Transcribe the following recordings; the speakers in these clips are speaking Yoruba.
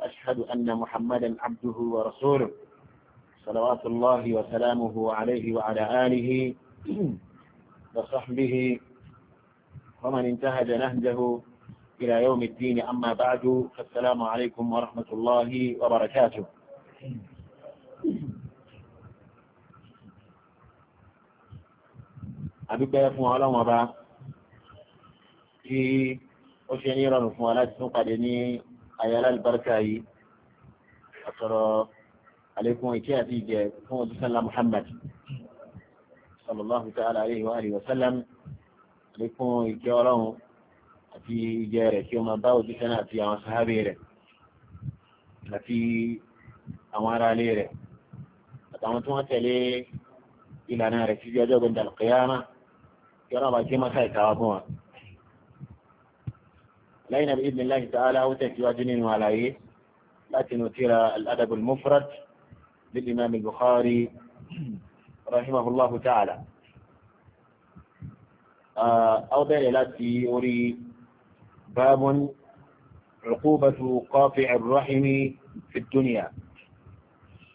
وأشهد أن محمدا عبده ورسوله صلوات الله وسلامه عليه وعلى آله وصحبه ومن انتهج نهجه إلى يوم الدين أما بعد فالسلام عليكم ورحمة الله وبركاته أبدا يفهم على ọba في ó ṣe ní ayala albarka yi àtọ̀rọ̀ àlékún ìkẹ́ àti ìjẹ fún òjíṣẹ́lá muhammad sallallahu ta'ala alayhi wa alihi wa sallam àlékún ìkẹ́ ọlọ́run àti je rẹ̀ kí ma máa bá òjíṣẹ́ náà àti àwọn sahabe rẹ̀ na fi àwọn ará ilé rẹ̀ àtàwọn tí wọ́n tẹ̀lé ìlànà rẹ̀ sí ọjọ́ gbẹ̀ndàlùkẹ́yàmá kí ọlọ́run bá kí mọ́sá ìkàwá fún wa. لين باذن الله تعالى أوتيت واجنين وعلى لكن وتيرة الادب المفرد للامام البخاري رحمه الله تعالى آه، او بين لاتي اوري باب عقوبة قاطع الرحم في الدنيا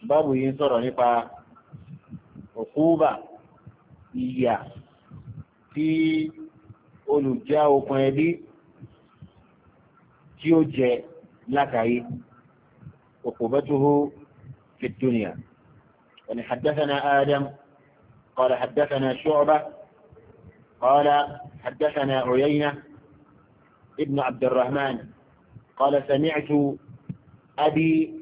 باب ينصر نفا عقوبة إياه في أولو جاو ẹbí tí ó jẹ látàrí عقوبته في الدنيا يعني حدثنا آدم قال حدثنا شعبة قال حدثنا عيينة ابن عبد الرحمن قال سمعت أبي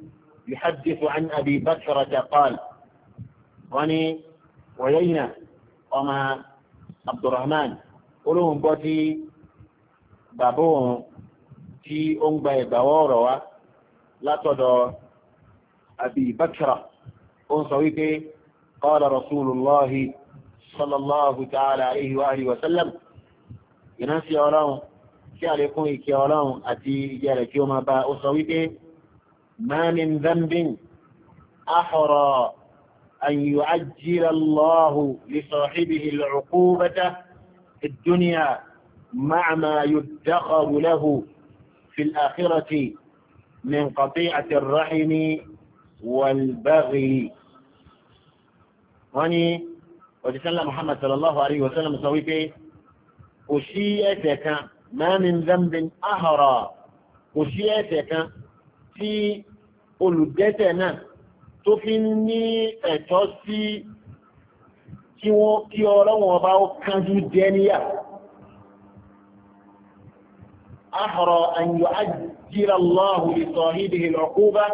يحدث عن أبي بكرة قال غني ويينا وما عبد الرحمن قلوهم بوتي بابوهم tí ó ń gba ìgbàwọ́ ọ̀rọ̀ wa látọ̀dọ̀ àbí ìbákẹ́rà ó ń sọ wípé qala rasulullahi sallallahu ta'ala alayhi wa alihi wa sallam sí ọlọ́run kí kún ìkẹ́ ọlọ́run àti ìjẹ́ rẹ̀ kí ó máa bá ó sọ wípé ma min dhanbin ahra an yu'ajjila Allahu li sahibihi al-'uqubata fi ad-dunya ma'a ma yudakhkharu lahu في الآخرة من قطيعة الرحم والبغي wọ́n ní òjíṣẹ́lá muhammad sallallahu alayhi wa sallam sọ wípé kò sí ẹ̀ṣẹ̀ kan ma min zambin ahara kò sí ẹ̀ṣẹ̀ kan tí olùdẹ́ṣẹ̀ náà tó fi ní ẹ̀tọ́ sí kí ọlọ́wọ̀n ọba ó kánjú jẹ níyà أحرى أن يعجل الله لصاحبه العقوبة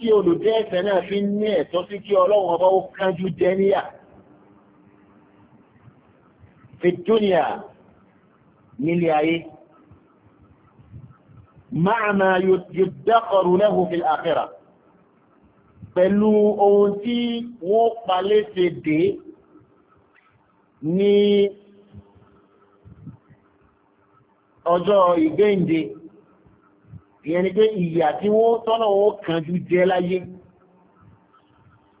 tí olùjẹ́ ẹ̀fẹ́ náà fi ní ẹ̀tọ́ sí kí ọlọ́run ọba ó kánjú jẹ níyà fìtúnìyà nílé ayé máa ma yóò dákọrù lẹ́hùn fi àkẹ́rà pẹ̀lú ohun tí wọ́n palẹ́ ṣe dé ní ọjọ́ ìgbéǹde ìyẹn ni pé ìyà tí wọ́n tọ́nà wọ́n kànjú jẹ láyé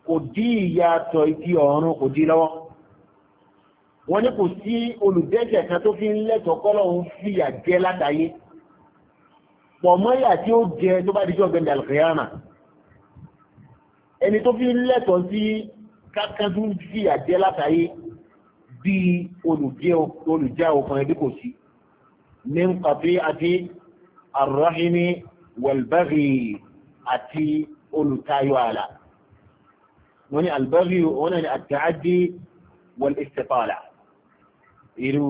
kò dí ìyà tọ̀ ìdí ọ̀run kò dí lọ́wọ́ wọ́n ní kò sí olùdẹ́jẹ̀ kan tó fi ń lẹ́tọ̀ọ́ kọ́lọ̀ ń fìyà jẹ látàyé pọ̀ mọ́ ìyà tí ó jẹ tó bá dijọ́ gbẹ̀ndà lùkìyàmà ẹni tó fi ń lẹ́tọ̀ọ́ sí kákanjú fìyà jẹ látàyé bí olùjẹ́ òkan ẹbí kò sí min qati'ati arrahimi wal-baghi àti olùtayọ àlà wọ́n ní al-baghi wọ́n ní at-ta'addi wal-istitala irú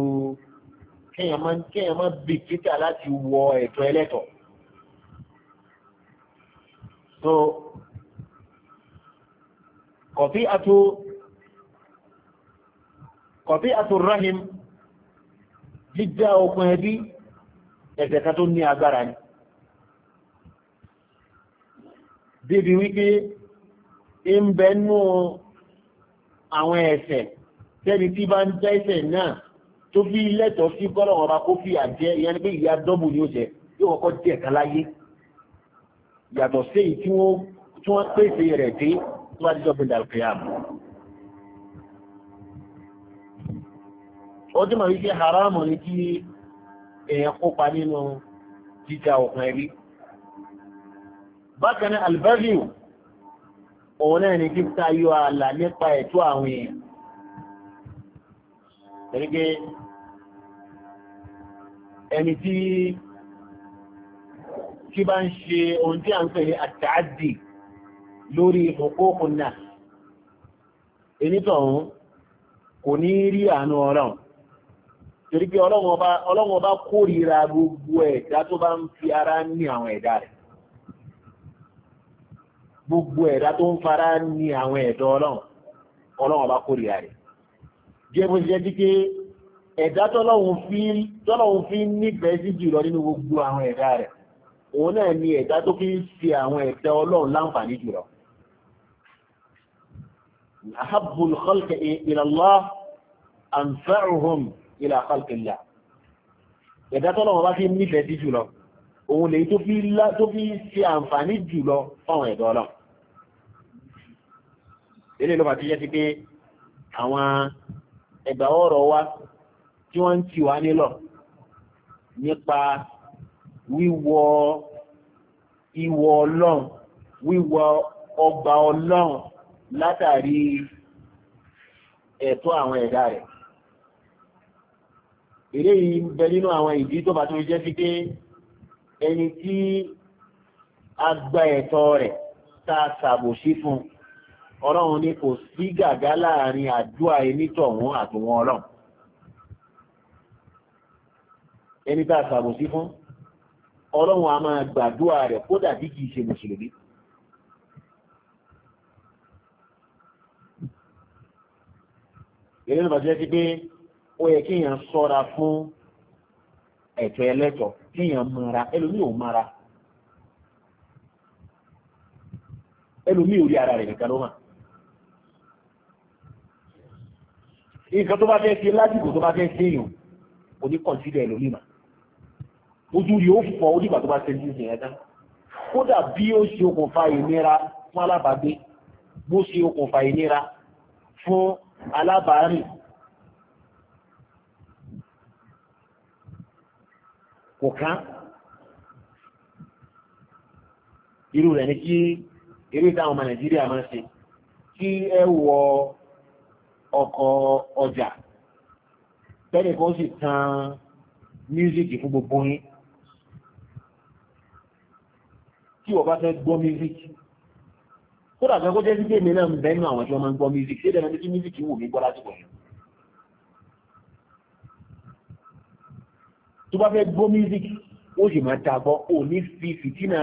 kéèyàn má bìkítà láti wọ ẹ̀tọ́ ẹlẹ́tọ̀ọ́ so qati'atu qati'atu arrahim jíjá okùn ẹbí ẹ̀ṣẹ̀ kan tó ní agbára ni débi wípé ń bẹ nú àwọn ẹ̀ṣẹ̀ tẹ́ni tí bá ń jẹ́ ẹ̀ṣẹ̀ náà tó fi lẹ́tọ̀ọ́ sí kọ́lọ̀wọ̀n ọba kó fi àjẹ́ ìyẹn ni pé ìyá dọ́bù ni ó jẹ yóò kọ́kọ́ jẹ́ ẹ̀ka láyé yàtọ̀ sí èyí tí wọ́n pèsè rẹ̀ dé tó bá dídọ́gbìn dàrúkẹ́ ó túnmọ̀ wípé haramu ní kí èèyàn kópa nínú jíjà òkun ẹbí bákan náà albaviu òun náà ni kíkà yọ ààlà nípa ẹ̀tọ́ àwọn èèyàn gẹ́gẹ́ ẹni tí tí bá ń ṣe ohun tí a ń pè ní àtàádì lórí òkókùn náà ẹni kò ní rí àánú ọlọ́run torí pé ọlọ́run ọba kórìíra gbogbo ẹ̀dá tó bá ń fi ara ní àwọn ẹ̀dá rẹ̀ gbogbo ẹ̀dá tó ń fara ní àwọn ẹ̀dá ọlọ́run ọlọ́run ọba kórìíra rẹ̀ jẹ́ bó ṣe jẹ́ pé ẹ̀dá tọ́lọ́run fi nífẹ̀ẹ́ sí jùlọ nínú gbogbo àwọn ẹ̀dá rẹ̀ òun náà ni ẹ̀dá tó fi ń fi àwọn ẹ̀dá ọlọ́run láǹfààní jùlọ ahabbul khalqi ila Allah ilà falkilla ẹ̀dá tọ́lọ̀ wọn bá fi nífẹ̀ẹ́ sí jùlọ òun lè tó fi ṣe àǹfààní jùlọ fáwọn ẹ̀dọ́ ọlọ́ ilé ló bá ti jẹ́ sí pé àwọn ẹ̀gbà ọ̀rọ̀ wa tí wọ́n ń tì wá nílọ̀ nípa wíwọ ìwọ ọlọ́run wíwọ ọgbà ọlọ́run látàrí ẹ̀tọ́ àwọn ẹ̀dá rẹ̀ èrè yìí ń bẹ nínú àwọn ìdí tó bá tó jẹ́ sí pé ẹni tí a gba ẹ̀tọ́ rẹ̀ tá a ṣàbòsí fún ọlọ́run ní kò sí gàgá láàrin àdúrà ẹnítọ̀hún àtòwọn ọlọ́run ẹni tá a ṣàbòsí fún ọlọ́run a máa gbàdúrà rẹ̀ kódà bí kìí ṣe mùsùlùmí èrè náà bá jẹ́ sí pé ó yẹ kí èèyàn sọ́ra fún ẹ̀tọ́ ẹlẹ́tọ̀ kí èèyàn mara ẹlòmíì ò mara ẹlòmíì ò rí ara rẹ̀ nìkan ló hàn. nǹkan tó bá fẹ́ ṣe lásìkò tó bá fẹ́ ṣe èèyàn kò ní kọ̀ǹsídẹ̀ ẹlòmíì mà ojú rí ó fọ onígbà tó bá ṣe ní ìsìn ẹ̀dá kódà bí ó ṣe okùnfà ìnira fún alábàágbé bó ṣe okùnfà ìnira fún alábàárìn kò kán irú rẹ̀ ní kí irú ìtàwọn ọmọ nàìjíríà máa ṣe kí ẹ wọ ọkọ̀ ọjà tẹ́lẹ̀ kan sì tan mísíkì fún gbogbo yín tí wọ́n bá fẹ́ gbọ́ mísíkì kódà kan kó jẹ́ sí pé èmi náà ń bẹ́nu àwọn tí wọ́n máa ń gbọ́ mísíkì ṣé dẹ́nu tí mísíkì wù mí gbọ́ lásìkò yìí tó bá fẹ́ gbọ́ music ó sì máa tàgbọ́ ò ní fi fìtínà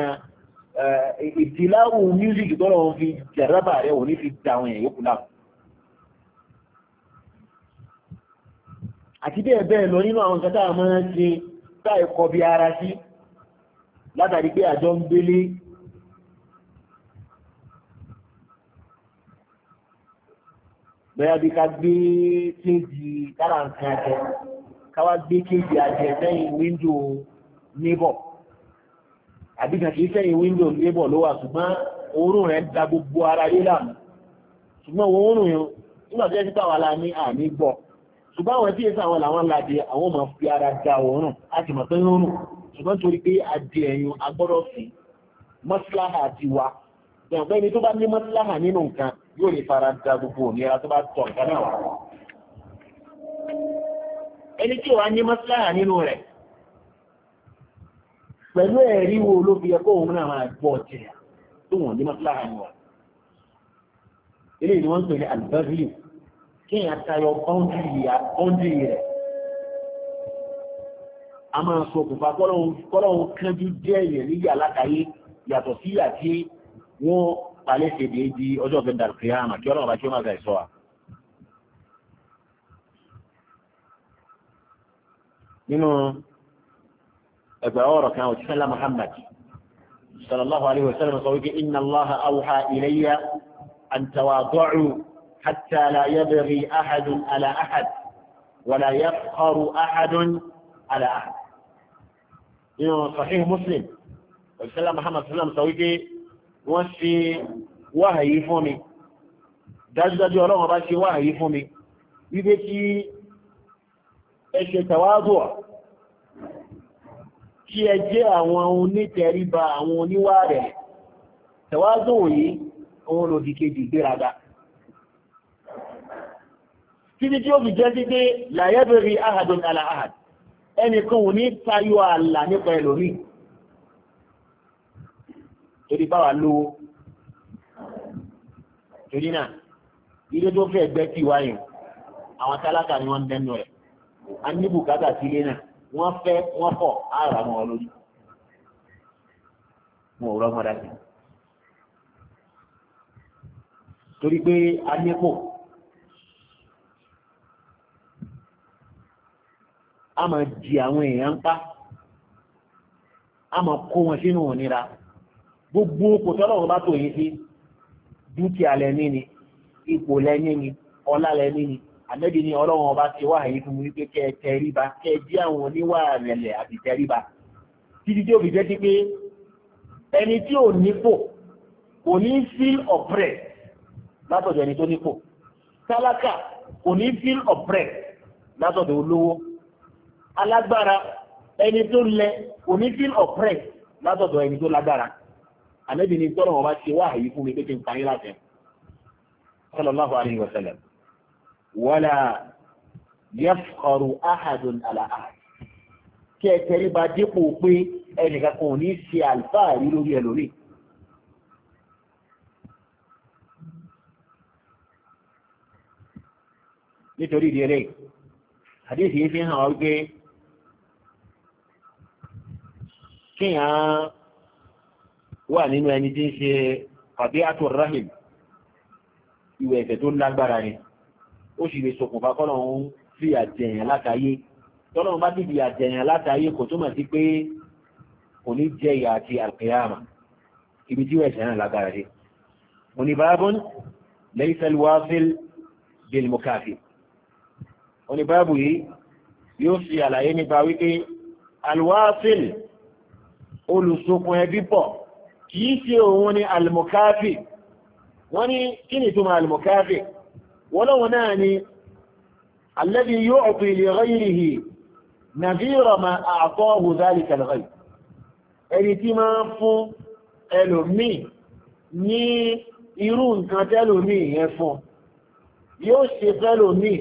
eh, ìtìláwò music tọ́lọ̀ ń fi jàrábà rẹ̀ ò ní fi da àwọn èèyàn yókù láàrùn àti bẹ́ẹ̀ bẹ́ẹ̀ lọ nínú àwọn kátà máa ń ṣe táì kọ bí ara sí látàrí pé àjọ ń gbélé bẹ́ẹ̀ bí ká gbé tí ń di kára ń kan káwá gbé kéèkì àjẹ́ sẹ́yìn wíńdò nébọ̀ àbí kan kìí sẹ́yìn wíńdò nébọ̀ ló wà ṣùgbọ́n oorun rẹ̀ da gbogbo ara yé lànà ṣùgbọ́n oorun yẹn nígbà tó yẹ sí táwa la ní àmì gbọ́ ṣùgbọ́n àwọn tí èsì àwọn làwọn làdé àwọn máa fi ara da oorun a sì mọ̀ pé oorun ṣùgbọ́n torí pé adé ẹ̀yìn agbọ́dọ̀ sí mọ́síláhà àti wa ẹ̀gbẹ́ni tó bá ní mọ́síláhà nínú nǹkan yóò lè fara da gbogbo òmìnira tó bá tọ̀ nǹkan náà wà ẹni tí wà ní mọ́síláyà nínú rẹ̀ pẹ̀lú ẹ̀rí wo ló fi ẹkọ́ òun náà máa gbọ́ ọ̀tẹ̀ tó wọ̀n ní mọ́síláyà nínú rẹ̀ ilé ni wọ́n ń pè ní albertly kí n àtayọ bọ́ńdì rẹ̀ a máa sọ òkùnfà kọ́lọ́hún kánjú jẹ́ ìrìn níyà látàyé yàtọ̀ sí àti wọ́n palẹ́sẹ̀ dé di ọjọ́ gbẹ̀dàkìyàmà nínú ẹgbẹ́ ọ̀rọ̀ kan òṣìṣẹ́lá Muhammad sallallahu alaihi wasallam sọ wípé inna Allah awha ilayya an tawadu'u hatta la yabghi ahadun ala ahad ولا يفخر أحد على أحد إنه صحيح مسلم وسلم محمد صلى الله عليه وسلم سويته وفي وحي فمي dájúdájú ọlọ́run bá ṣe wáhàyí fún mi wípé kí ẹ ṣe tàwádùá kí ẹ jẹ́ àwọn onítẹríba àwọn oníwà rẹ̀ tàwádùn yìí òun lòdì kejì gbéraga títí tí ó fi jẹ́ sí pé làyẹ́bẹ̀rẹ̀ ahadun ala ahad ẹnìkan ò ní tayọ ààlà nípa ẹlòmíì torí báwa lówó torí náà ilé tó fẹ́ gbẹ́ tí wáyé àwọn tálákà ni wọ́n ń dẹ́nu rẹ̀ a ní bùkátà sí ilé náà wọ́n fẹ́ wọ́n kọ̀ á rà wọn lórí wọn ò rọ́mọdá sí torí pé a nípò a máa di àwọn èèyàn pa a máa kó wọn sínú òníra gbogbo kò tọ́lọ̀ wọn bá tó yín sí dúkìá lẹ́ní ni ipò lẹ́ní ni ọlá lẹ́ní ni ànábì ni ọlọ́run ọba ti wá àyè fún mi pé kẹ́ ẹ tẹríba kẹ́ ẹ jẹ́ àwọn oníwà rẹ̀lẹ̀ àti tẹríba títí tí ó fi jẹ́ sí pé ẹni tí ò nípò kò ní feel oppressed látọ̀dọ̀ ẹni tó nípò tálákà kò ní feel oppressed látọ̀dọ̀ olówó alágbára ẹni tó lẹ kò ní feel oppressed látọ̀dọ̀ ẹni tó lágbára ànábì ni tọ́lọ̀ ọba ti wá àyè fún mi pé kí n parí láti sallallahu wọ́lá yẹ́fọ̀rù ahadun aláhàd kí ẹ tẹríba dípò pé ẹnìkan kò ní ṣe àlùfáàrí lórí ẹlòmíì nítorí ìdí ẹlẹ́yìn àdéhìí fi hàn ọ́ gbé kíyàn wà nínú ẹni tí ń ṣe àbí àtúrọ̀rahìm ìwẹ̀ ẹ̀fẹ̀ tó lágbára yẹn ó sì lè ṣokùnfà kọ́lọ̀ ń fi àjẹyàn látàyé tọ́lọ́run bá dìbì àjẹyàn látàyé kò túmọ̀ sí pé kò ní jẹ ìyà àti àkẹyàmà ibi tí wẹ̀sẹ̀ náà lágbára dé oníbàábọ́n lẹ́yìn sẹ́lúwáfíl bilmukafi oníbàábù yìí yóò fi àlàyé nípa wípé alwáfíl olùsokùn ẹbí pọ̀ kìí ṣe òun ni almukafi wọ́n ní kí ni túmọ̀ almukafi wọ́lọ́wọ́ náà ni alladhi yu'ti li ghayrihi nadhira ma a'tahu dhalika al-ghayr ẹni tí máa ń fún ẹlòmíì ní irú nǹkan tẹ́lòmíì yẹn fún yóò ṣe fẹ́lòmíì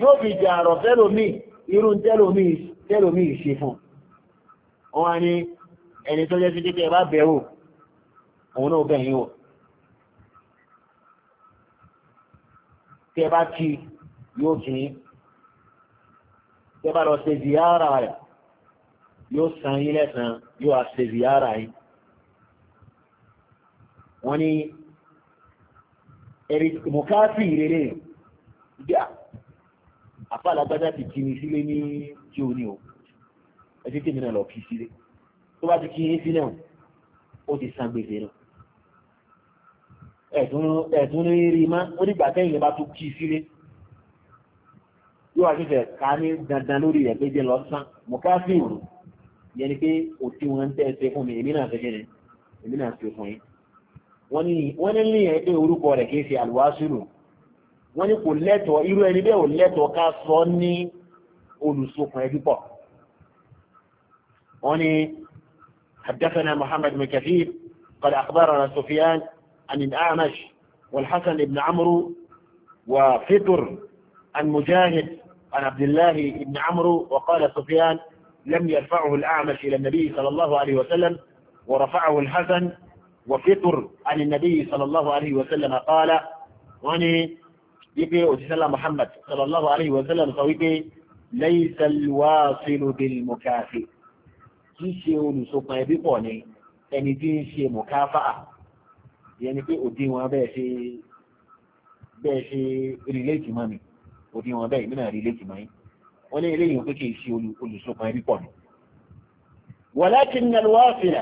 yóò fi jàrọ̀ fẹ́lòmíì irú tẹ́lòmíì ṣe fún wọn ni ẹni tó jẹ́ sí kíkẹ́ bá bẹ̀rù òun náà bẹ̀yìn wọ̀ tẹ bá kí yóò kí yín tẹ bá lọ ṣe ziyara rẹ̀ yóò san yín lẹ́san yóò wá ṣe ziyara yín wọ́n ní ẹ̀rí mọ̀káàtì ìrere bí àfàlágbájá ti kí ni sílé ní tí o ní o ẹ̀sìn tèmi náà lọ kí sílé tó bá ti kí yín sílẹ̀ o ti san gbèsè náà ẹ̀tún rí rí má ó dìgbà tẹ́yìn lẹ́bá tó kí sílé yóò wá ṣẹ̀ṣẹ̀ ká ní dandan lórí rẹ̀ pé jẹ́ lọ sán mo ká sí ìrù yẹn ni pé òtí wọn ń tẹ́ẹ̀ṣẹ́ fún mi èmi náà ṣẹṣẹ́ ni èmi náà ṣe fún yín wọ́n ní ní lè orúkọ rẹ̀ kìí ṣe wọ́n ní kò lẹ́tọ̀ọ́ irú ẹni bẹ́ẹ̀ ò lẹ́tọ̀ọ́ ká sọ ní olùsokùn ẹbí pọ̀ wọ́n ní عن الأعمش والحسن بن عمرو وفطر عن مجاهد عن عبد الله بن عمرو وقال سفيان لم يرفعه الأعمش إلى النبي صلى الله عليه وسلم ورفعه الحسن وفطر عن النبي صلى الله عليه وسلم قال وني يبي وسلم محمد صلى الله عليه وسلم صويبي ليس الواصل بالمكافئ kìí ṣe olùsopọ̀ ẹbí يعني تيشي مكافأة ìyẹn ni pé òdí wọn bẹ́ẹ̀ ṣe bẹ́ẹ̀ ṣe rìlẹ́ẹ̀tì mọ́ mi òdí wọn bẹ́ẹ̀ mìíràn rìlẹ́ẹ̀tì mọ́ yín wọ́n ní eléyìí pé kì í ṣe ẹbí pọ̀ ni. ولكن الواصل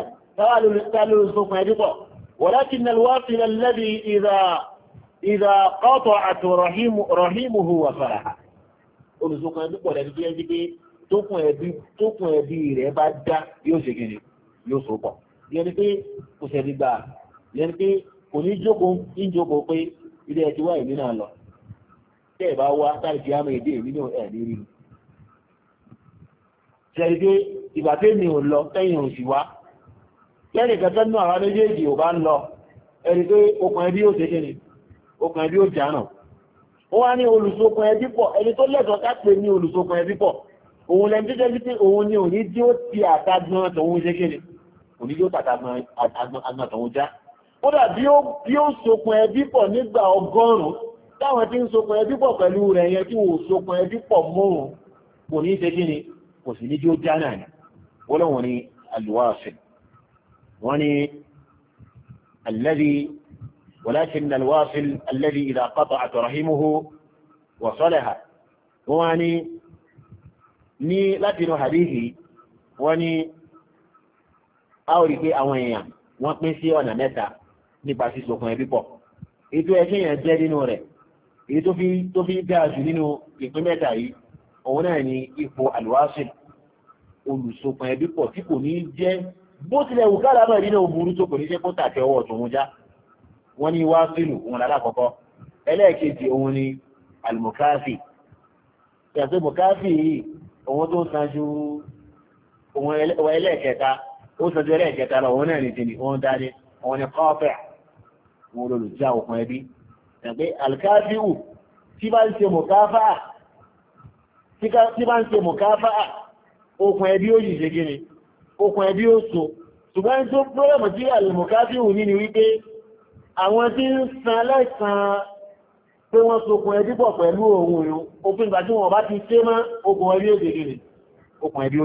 قالوا الزوفان يبقى ولكن الواصل الذي إذا إذا قطعت رحيم رحيمه وفرح olùsọ̀kan ẹbí pọ̀ lẹ́nu tó yẹ pé tókùn ẹbí tókùn ẹbí rẹ̀ bá dá yóò ṣe kí yóò so pọ̀ pé kò sẹ́ni gbà yẹn pé kò ní jókòó ní jókòó pé ilé ẹ ti wá ìlú náà lọ tẹ́ ẹ̀ bá wá táì fi àmì èdè nínú ẹ̀ lérí ṣẹ̀rí pé ìgbà tẹ́mi ò lọ tẹ́yìn ò sì wá lẹ́nì kẹta nínú àwọn méjèèjì ò bá ń lọ ẹni pé okùn ẹbí ò tẹ́kẹ́ ni okùn ẹbí ò jànà ó wá ní olùsokùn ẹbí pọ̀ ẹni tó lẹ́tọ̀ọ́ ká pè ní olùsokùn ẹbí pọ̀ òun lẹ́ni tó jẹ́ pé òun ni òní tí ó ti àtagbọn tòun ṣe kéde òní tí ó tàtagbọn àgbọn já kódà bí ó sokùn ẹbí pọ̀ nígbà ọgọ́rùn-ún táwọn tí ń sokùn ẹbí pọ̀ pẹ̀lú rẹ̀ yẹn tí wò sokùn ẹbí pọ̀ mọ́rùn kò ní ṣe kíni kò sì ní jí ó já náà ni wọ́n lọ́wọ́n ni alwáṣẹ̀ wọ́n ni alladhi walakin alwáṣẹ̀ alladhi idha qata'at rahimuhu wa wọ́n ni ní láti inú hadithi wọ́n ni a ò rí pé àwọn èèyàn wọ́n pín sí ọ̀nà mẹ́ta nípa sísokùn ẹbí pọ̀ ètò ẹ̀ṣẹ́ yẹn jẹ́ nínú rẹ̀ èyí tó fi tó fi dáa jù nínú ìpín mẹ́ta yìí òun náà ni ipò àlùwáṣìl olùsokùn ẹbí pọ̀ tí kò ní jẹ́ bó tilẹ̀ wù kára náà nínú òbúrú tó kò ní jẹ́ kó tàkẹ́ ọwọ́ tó ń já wọ́n ní wá sílù òun lálákọ̀ọ́kọ́ ẹlẹ́ẹ̀kejì òun ni àlùmọ̀káfì yàtọ̀ mọ̀káfì yìí òun tó san ju òun ẹlẹ́ẹ̀kẹta ó san ju ẹlẹ́ẹ̀kẹta lọ òun náà ní tìǹbì òun dání òun ni kọ́fẹ̀ẹ́ wọn olùjá òkun ẹbí tàbí alkafiu tí bá ń ṣe mọ̀káfáà tí bá ń ṣe mọ̀káfáà okùn ẹbí ó yìí ṣe gíní okùn ẹbí ó so ṣùgbọ́n tó pọ́lẹ̀mù tí alìmọ̀káfíù ní ni wípé àwọn tí ń san lẹ́sàn pé wọ́n sokùn ẹbí pọ̀ pẹ̀lú ohun ìrún òfin ìgbà tí wọ́n bá okùn ẹbí pọ̀ pẹ̀lú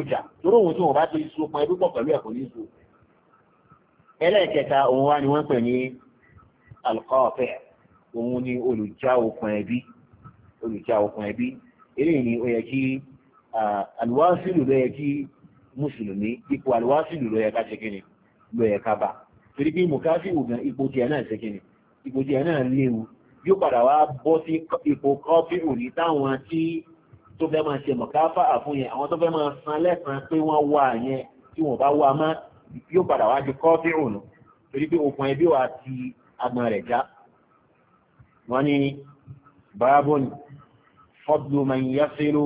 ẹ̀kọ́ ní ẹlẹ́ẹ̀kẹta òun wá ni wọ́n pè ní alqati' òun ni olùjá okùn ẹbí olùjá okùn ẹbí eléyìí ni ó yẹ kí alùwásílù ló yẹ kí mùsùlùmí ipò alùwásílù ló yẹ ká ṣe kíni ló yẹ ká bá torí bí mùkáfíwù gan ipò tiẹ̀ náà ṣe kíni ipò tiẹ̀ náà léwu yóò padà wá bọ́ sí ipò kọ́fíwù ní táwọn tí tó fẹ́ máa ṣe mọ̀káfà àfún yẹn àwọn tó fẹ́ máa san lẹ́sàn pé wọ́n wà yẹn tí wọ́n bá wà má yóò padà wá di kọ́fíwù nù torí pé okùn ẹbí wa ti agbọn rẹ̀ já wọ́n ní báábùn fọ́dù man yasilu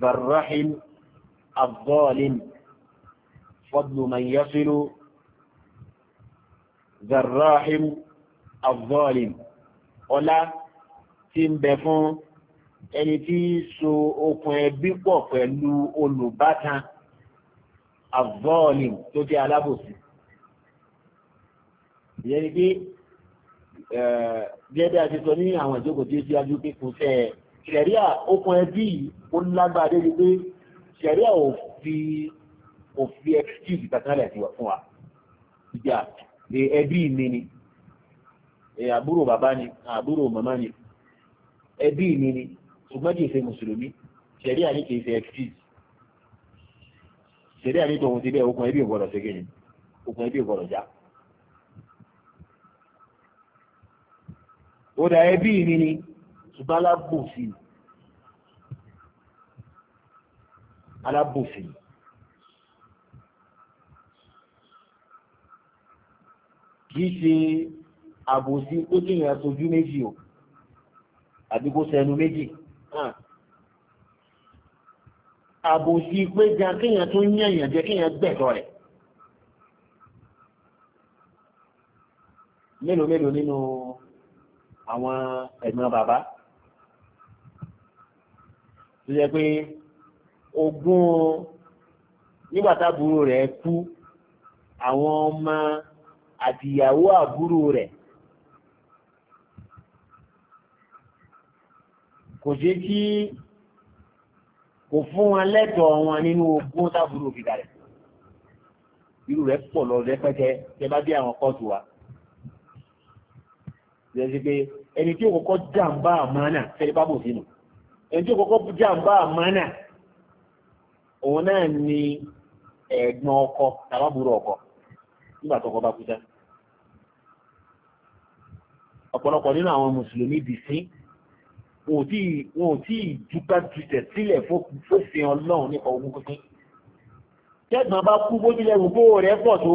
zarrahin abdọ́ọ̀lin fọ́dù man yasilu zarrahin abdọ́ọ̀lin ọlá tí ń bẹ fún ẹni tí so okùn ẹbí pọ̀ pẹ̀lú olùbátan abdọ́ọ̀lin tó jẹ́ alábòsí ìyẹn ni Eh, gẹ́gẹ́ àti sọ ní àwọn ìjókòó tí ó ti ajú pípò tẹ́ ẹ̀ ṣẹ̀ríà okùn ẹbí ó lágbàá débi pé ṣẹ̀ríà ò fi ò fi excuse kankanlẹ̀ sí wa fún wa ìjà ẹbí mi ni àbúrò bàbá ni àbúrò màmá ni ẹbí mi ni ṣùgbọ́n kì í ṣe mùsùlùmí ṣẹ̀ríà ní kì í ṣe excuse ṣẹ̀ríà ní tòun ti bẹ́ẹ̀ okùn ẹbí ò gbọ́dọ̀ ṣe kí ni ẹbí ò gbọ́dọ̀ já. ó dà ẹbí mi ni ṣùgbọ́n alábòsí alábòsí kìí ṣe àbòsí tó kéèyàn sojú méjì o àbí kó sẹnu méjì ah. àbòsí pé ga kéèyàn tó yẹ̀yàn jẹ́ kéèyàn gbẹ̀tọ̀ rẹ̀ mélòó mélòó nínú àwọn ẹ̀gbọ́n bàbá tó jẹ́ pé ogún nígbà táàbúrò rẹ̀ kú àwọn ọmọ àtìyàwó àbúrò rẹ̀ kò jẹ́ kí kò fún wọn lẹ́tọ̀ọ́ wọn nínú ogún táàbúrò fi kalẹ̀ irú rẹ̀ pọ̀ lọ rẹpẹtẹ tẹ bá bí àwọn kóòtù wa lẹ́sí pé ẹni tí ó kọ́kọ́ jàǹbá àmánà fẹ́lẹ́ bá bò sínú ẹni tí ó kọ́kọ́ jàǹbá àmánà òun náà ni ẹ̀gbọ́n ọkọ tàbábúrò ọkọ nígbà tọkọ bá kú tán ọ̀pọ̀lọpọ̀ nínú àwọn mùsùlùmí dì sí wọn ò tí ì dúpẹ́ jùtẹ̀ sílẹ̀ fófin ọlọ́run nípa ogún pínpín tẹ́gbọ́n bá kú bójúlẹ̀ rògbò rẹ̀ pọ̀ tó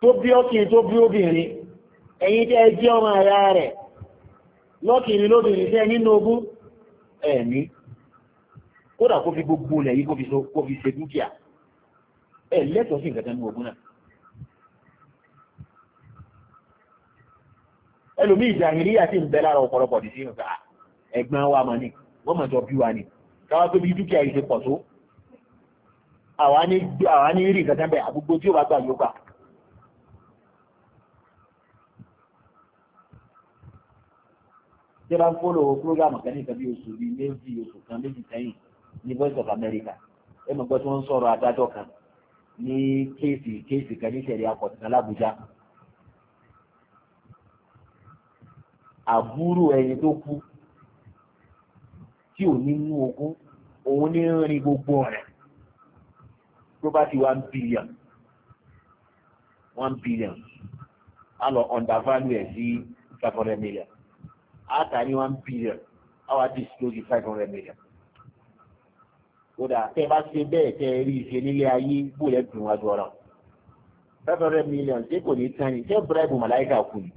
tó bí ọkùnrin tó bí obìnrin ẹ̀yin tẹ́ jẹ́ ọmọ ara rẹ̀ lọ́kùnrin lóbìnrin tẹ́ nínú ogún ẹ̀mí kódà kó fi gbogbo ilẹ̀ yìí kó fi ṣe dúkìá ẹ̀ lẹ́tọ̀ọ́ sí nǹkan nínú ogún náà ẹlòmí ìjàhìrí àti ìbẹ̀ ọ̀pọ̀lọpọ̀ ti sí nǹkan ẹ̀gbọ́n wa mọ̀ ni wọ́n mọ̀ jọ bí wa ni káwá pé bí dúkìá yìí ṣe pọ̀ tó tí a bá ń fọ́lọ̀ púrógàmù kan ní ìkan bí oṣù bíi méjì oṣù kan méjì sẹ́yìn ní Voice of America ẹ mọ̀ pé tí wọ́n ń sọ̀rọ̀ adájọ́ kan ní kéèsì kéèsì kan ní ìṣẹ̀lẹ̀ akọ̀tìkan lábújá àbúrò ẹni tó kú tí ò ní mú ogún òun ní rin gbogbo ọ̀rẹ́ property one billion one billion a lọ undervalue ẹ̀ sí five hundred million aka one billion our disclosure lórí five hundred million. kódà tẹ bá ṣe bẹ́ẹ̀ tẹ rí iṣẹ́ nílé ayé bó lẹ́ dùn wájú ọ̀rọ̀ five hundred million ṣé kò ní tán ni ṣé bíráìbù màláìkà kù ni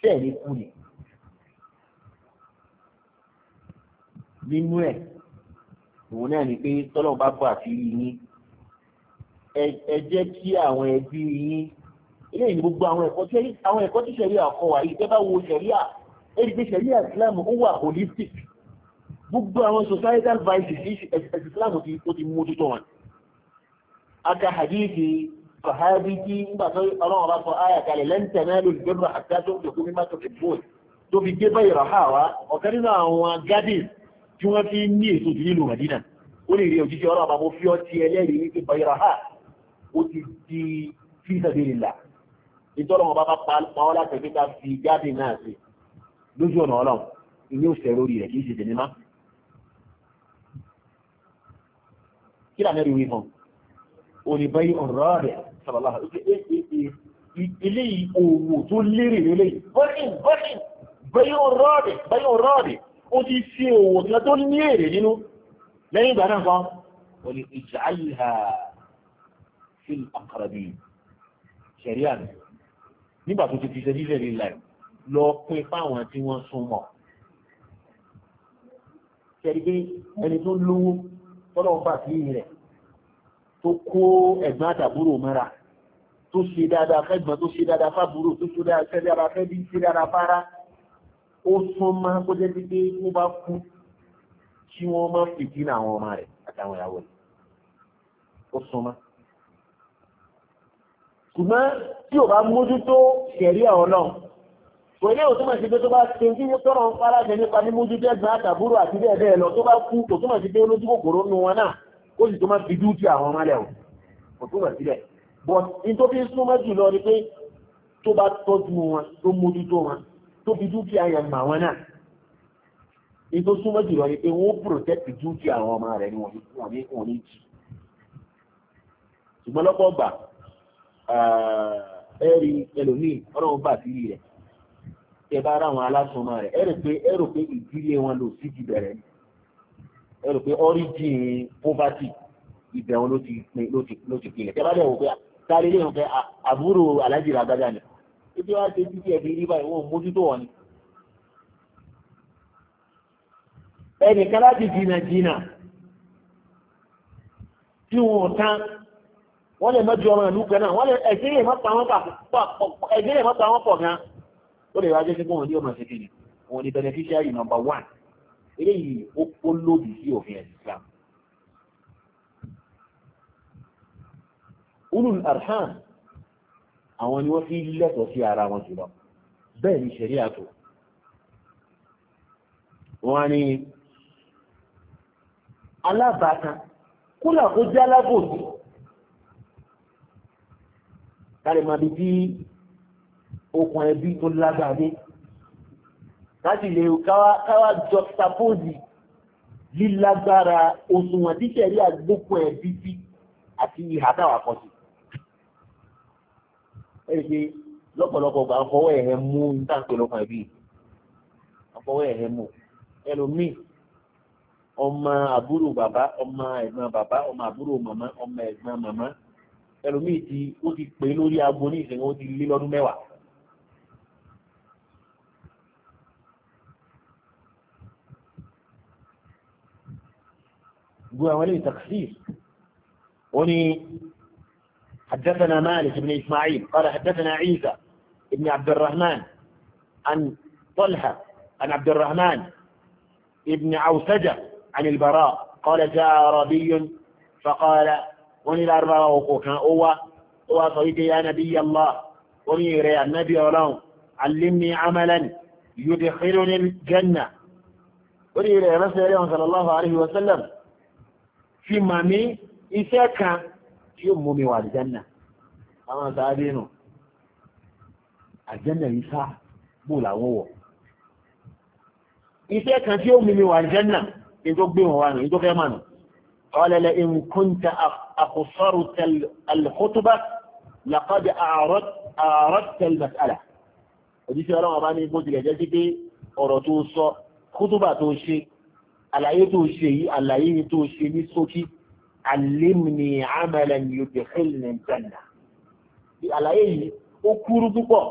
ṣé ẹ̀ ní kú ni. nínú ẹ̀ òun náà ni pé tọ́lọ́run bá bọ̀ àfi yín ẹ jẹ́ kí àwọn ẹbí yín eléyìí gbogbo àwọn ẹ̀kọ́ tí àwọn ẹ̀kọ́ tí ṣẹ̀ríà kọ́ wà yìí tẹ́ bá wo ṣẹ̀ríà ẹgbẹ́sẹ̀ ní islam ó wà holistic gbogbo àwọn societal vices islam ó ti mójútó wọn aka hadithi sahabi tí nígbà tó ọlọ́run bá sọ ayà kalẹ̀ lẹ́ntẹ̀ náà lè gbẹ́rù àti tó lè kúrú mẹ́tò ìbòl tó fi gbé báyìí ràhà wa ọ̀kan nínú àwọn gardens tí wọ́n fi ní èso jù nílùú Madina ó lè rí òjíṣẹ́ ọlọ́run bá mo fi ọ́ ti ẹlẹ́rìí ní báyìí ràhà ó ti di fi sabilillah ìtọ́lọ́run bá bá pa ọ́ láti fi garden náà sí lójú ọ̀nà ọlọ́run ilé òṣèré orí rẹ̀ kì í ṣe tèmi má. kí lànà rí wí hàn òní báyìí ọ̀rọ̀ rẹ̀ sàbàlá eléyìí òwò tó lérè lélẹ́yìí bọ́ìn bọ́ìn báyìí ọ̀rọ̀ rẹ̀ báyìí ọ̀rọ̀ rẹ̀ ó ti ṣe òwò kan tó ní èrè nínú lẹ́yìn ìgbà náà kan òní ìjà lọ pín fáwọn tí wọ́n súnmọ́ ṣẹ́rí pé ẹni tó lówó tọ́lọ̀ ń bà sí rẹ̀ tó kó ẹ̀gbọ́n àtàbúrò mọ́ra tó ṣe dáadáa fẹ́gbọ́n tó ṣe dáadáa fábúrò tó ṣe dáadáa fẹ́bí ṣe dáadáa fárá ó súnmọ́ kó jẹ́ sí pé ó bá kú kí wọ́n má fìdí àwọn ọmọ rẹ̀ àtàwọn ìyàwó rẹ̀ ó súnmọ́ ṣùgbọ́n tí ò bá mójútó ṣẹ̀rí àwọn náà kò ní òtún mọ̀ sí pé tó bá ṣe kí ní tọ́rọ̀ ń fara jẹ nípa ní mójú dẹ́gbọ̀n àtàbúrò àti bẹ́ẹ̀ bẹ́ẹ̀ lọ tó bá kú kò túmọ̀ sí pé olójú kòkòrò nu wọn náà ó sì tó máa fi dúkìá àwọn ọmọ lẹ̀ o kò túmọ̀ síbẹ̀ but in tó fi ń súnmọ́ jù lọ ni pé tó bá tọ́jú wọn tó mójú tó wọn tó fi dúkìá yẹn wọn náà in tó súnmọ́ jù lọ ni pé wọ́n protect dúkìá àwọn ọmọ rẹ̀ ni wọ́n ní wọ́n ṣùgbọ́n lọ́pọ̀ gbà ah, ẹ̀rí ẹlòmíì ọlọ́run bà sí rẹ̀ tẹ bá ara àwọn alásùnmọ́ rẹ̀ ẹ̀rù pé ẹ̀rù pé ìdílé wọn ló sì ti bẹ̀rẹ̀ ẹ̀rù pé ọ́ríjìn poverty ibẹ̀ wọn ló ti pinlẹ̀ tẹ bá dẹ̀ wò pé sáré lè fẹ́ àbúrò alájì ràgbádà ni ibi wá ṣe títí ẹ̀bí rí báyìí wọ́n mójútó wọn ni. ẹnìkan láti jìnnà jìnnà tí wọn tán wọ́n lè mọ́jú ọmọ ìlú kan náà wọ́n lè ẹ̀jẹ̀ yẹn mọ́ta wọn pọ̀ gan ó lè wájẹ́ sí fóun ní ọmọ sí kìnnì òun ni beneficiary number one eléyìí ó kó lòdì sí òfin ẹ̀sìn Islam ulul arham àwọn ni wọ́n fi lẹ́tọ̀ọ́ sí ara wọn jùlọ bẹ́ẹ̀ ni ṣẹ̀rí àtò wọ́n ní alábàátan kúlà kó jẹ́ alábòsí kárí máa bí tí okùn ẹbí tó lágbàdé láti lè káwá juxtapose lílágbára òṣùwọ̀n tíṣẹ̀rí àgbókùn ẹbí sí àti ìhà táwà kan sí ẹ̀ṣẹ̀ lọ́pọ̀lọpọ̀ gbà ń fọwọ́ ẹ̀hẹ́ mú ìtàkùn lọ́kàn ẹbí ọfọwọ́ ẹ̀hẹ́ mú ẹlòmíì ọmọ àbúrò bàbá ọmọ ẹ̀gbọ́n bàbá ọmọ àbúrò màmá ọmọ ẹ̀gbọ́n màmá ẹlòmíì ti ó ti pè lórí aago ní ìṣẹ̀wọ̀n ó ti lé lọ́dún mẹ́wàá جوا ولي تقصير وني حدثنا مالك بن إسماعيل قال حدثنا عيسى بن عبد الرحمن عن طلحة عن عبد الرحمن ابن عوسجة عن البراء قال جاء ربي فقال وني الأربعة وقوكا هو هو صديقي يا نبي الله وني ريا النبي الله علمني عملا يدخلني الجنة وني ريا رسول الله صلى الله عليه وسلم fi mà mí iṣẹ́ kan tí ó mú mi wà àjẹ́nà àwọn àtàrí nù àjẹ́nà yìí sá bò làwọn wọ̀ iṣẹ́ kan tí ó mú mi wà àjẹ́nà ní gbé wọn wà nù ní fẹ́ mà nù ọlẹ́lẹ́ in àkùsọ́rù alkhutuba laqad àárọ̀tẹ̀ mas'ala òjíṣẹ́ ọlọ́wọ́ bá ní bó jẹ́ sí pé ọ̀rọ̀ tó sọ kútúbà tó ṣe àlàyé tó ṣe yìí àlàyé tó ṣe ní sókí alimni amalan yudkhilni janna àlàyé yìí ó kúrú púpọ̀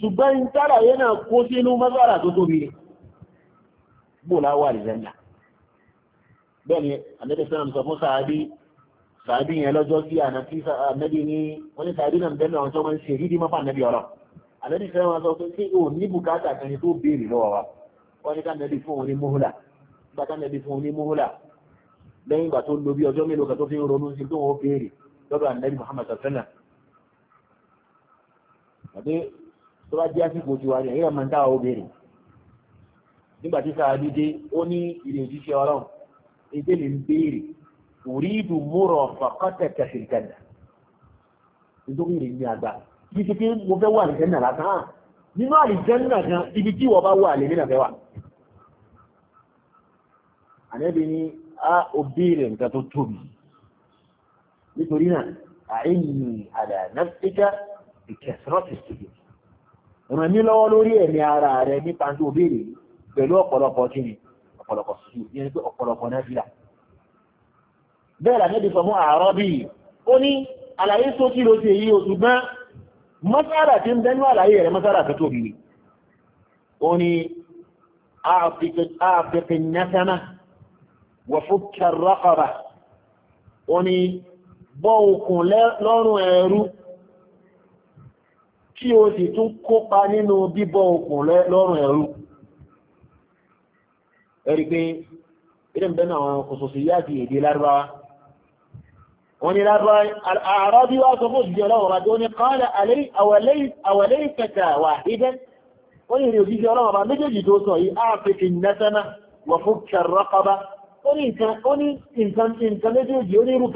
ṣùgbọ́n ń tàlàyé náà kó sínú mọ́sára tó tóbi ni bó láwà àlìjẹ́nà bẹ́ẹ̀ ni àlẹ́dẹ̀ sẹ́nà sọ fún sàábí sàábí yẹn lọ́jọ́ sí ànábí ní wọ́n ní sàábí náà bẹ́ẹ̀ náà tó máa ń ṣe rídí mọ́fà ànábí ọ̀rọ̀ àlẹ́dẹ̀ sẹ́nà sọ pé sí ò bùkátà kan tó béèrè lọ́wọ́ wa wọ́n ní ká bàtà nẹ́bí fún ní múhúlà lẹ́yìn ìgbà tó lo bí ọjọ́ mélòó kan tó fi ń ronú sí tó wọ́n béèrè lọ́dọ̀ ànẹ́bí Muhammad sàtẹ́nà àbí tó bá jẹ́ àsìkò tiwa ni èyí máa ń dá ọ béèrè nígbà tí sáàbí dé ó ní ilé òjíṣẹ́ ọlọ́run èdè lè ń béèrè òrídù múrọ̀ fàkọ́tẹ̀ kẹsìrìkẹ́nà nítorí fẹ́ wà ànábì ní á òbí rẹ̀ nǹkan tó tóbi nítorí náà àìní àdànáfíkà ìkẹsìrọ́tì síbi ràn mí lọ́wọ́ lórí ẹ̀mí ara rẹ̀ nípa tó béèrè pẹ̀lú ọ̀pọ̀lọpọ̀ kí ni ọ̀pọ̀lọpọ̀ sí ìyẹn pé ọ̀pọ̀lọpọ̀ náà fi là bẹ́ẹ̀ là níbi sọmú àárọ̀ bí ó ní àlàyé sókí ló ṣe yí oṣù gbọ́n mọ́sára tí ń bẹ́nu àlàyé rẹ̀ mọ́sára tó tóbi ó ní àfikẹ́ násánà wọ̀fúkà rọ́kọ̀rà ó ní bọ́ okùn lọ́rùn ẹrú tí ó sì tún kópa nínú bíbọ́ okùn lọ́rùn ẹrú ẹ̀rí pé irin bẹ́nà àwọn kòsòsì yá di èdè lárúbáwá wọ́n ni lárúbáwá àrábí wá sọ fún ìjọ ọlọ́wọ́ rájọ́ ní kọ́lẹ̀ àwẹ̀lẹ́ ìkẹta ó ní nǹkan nǹkan méjèèjì onírù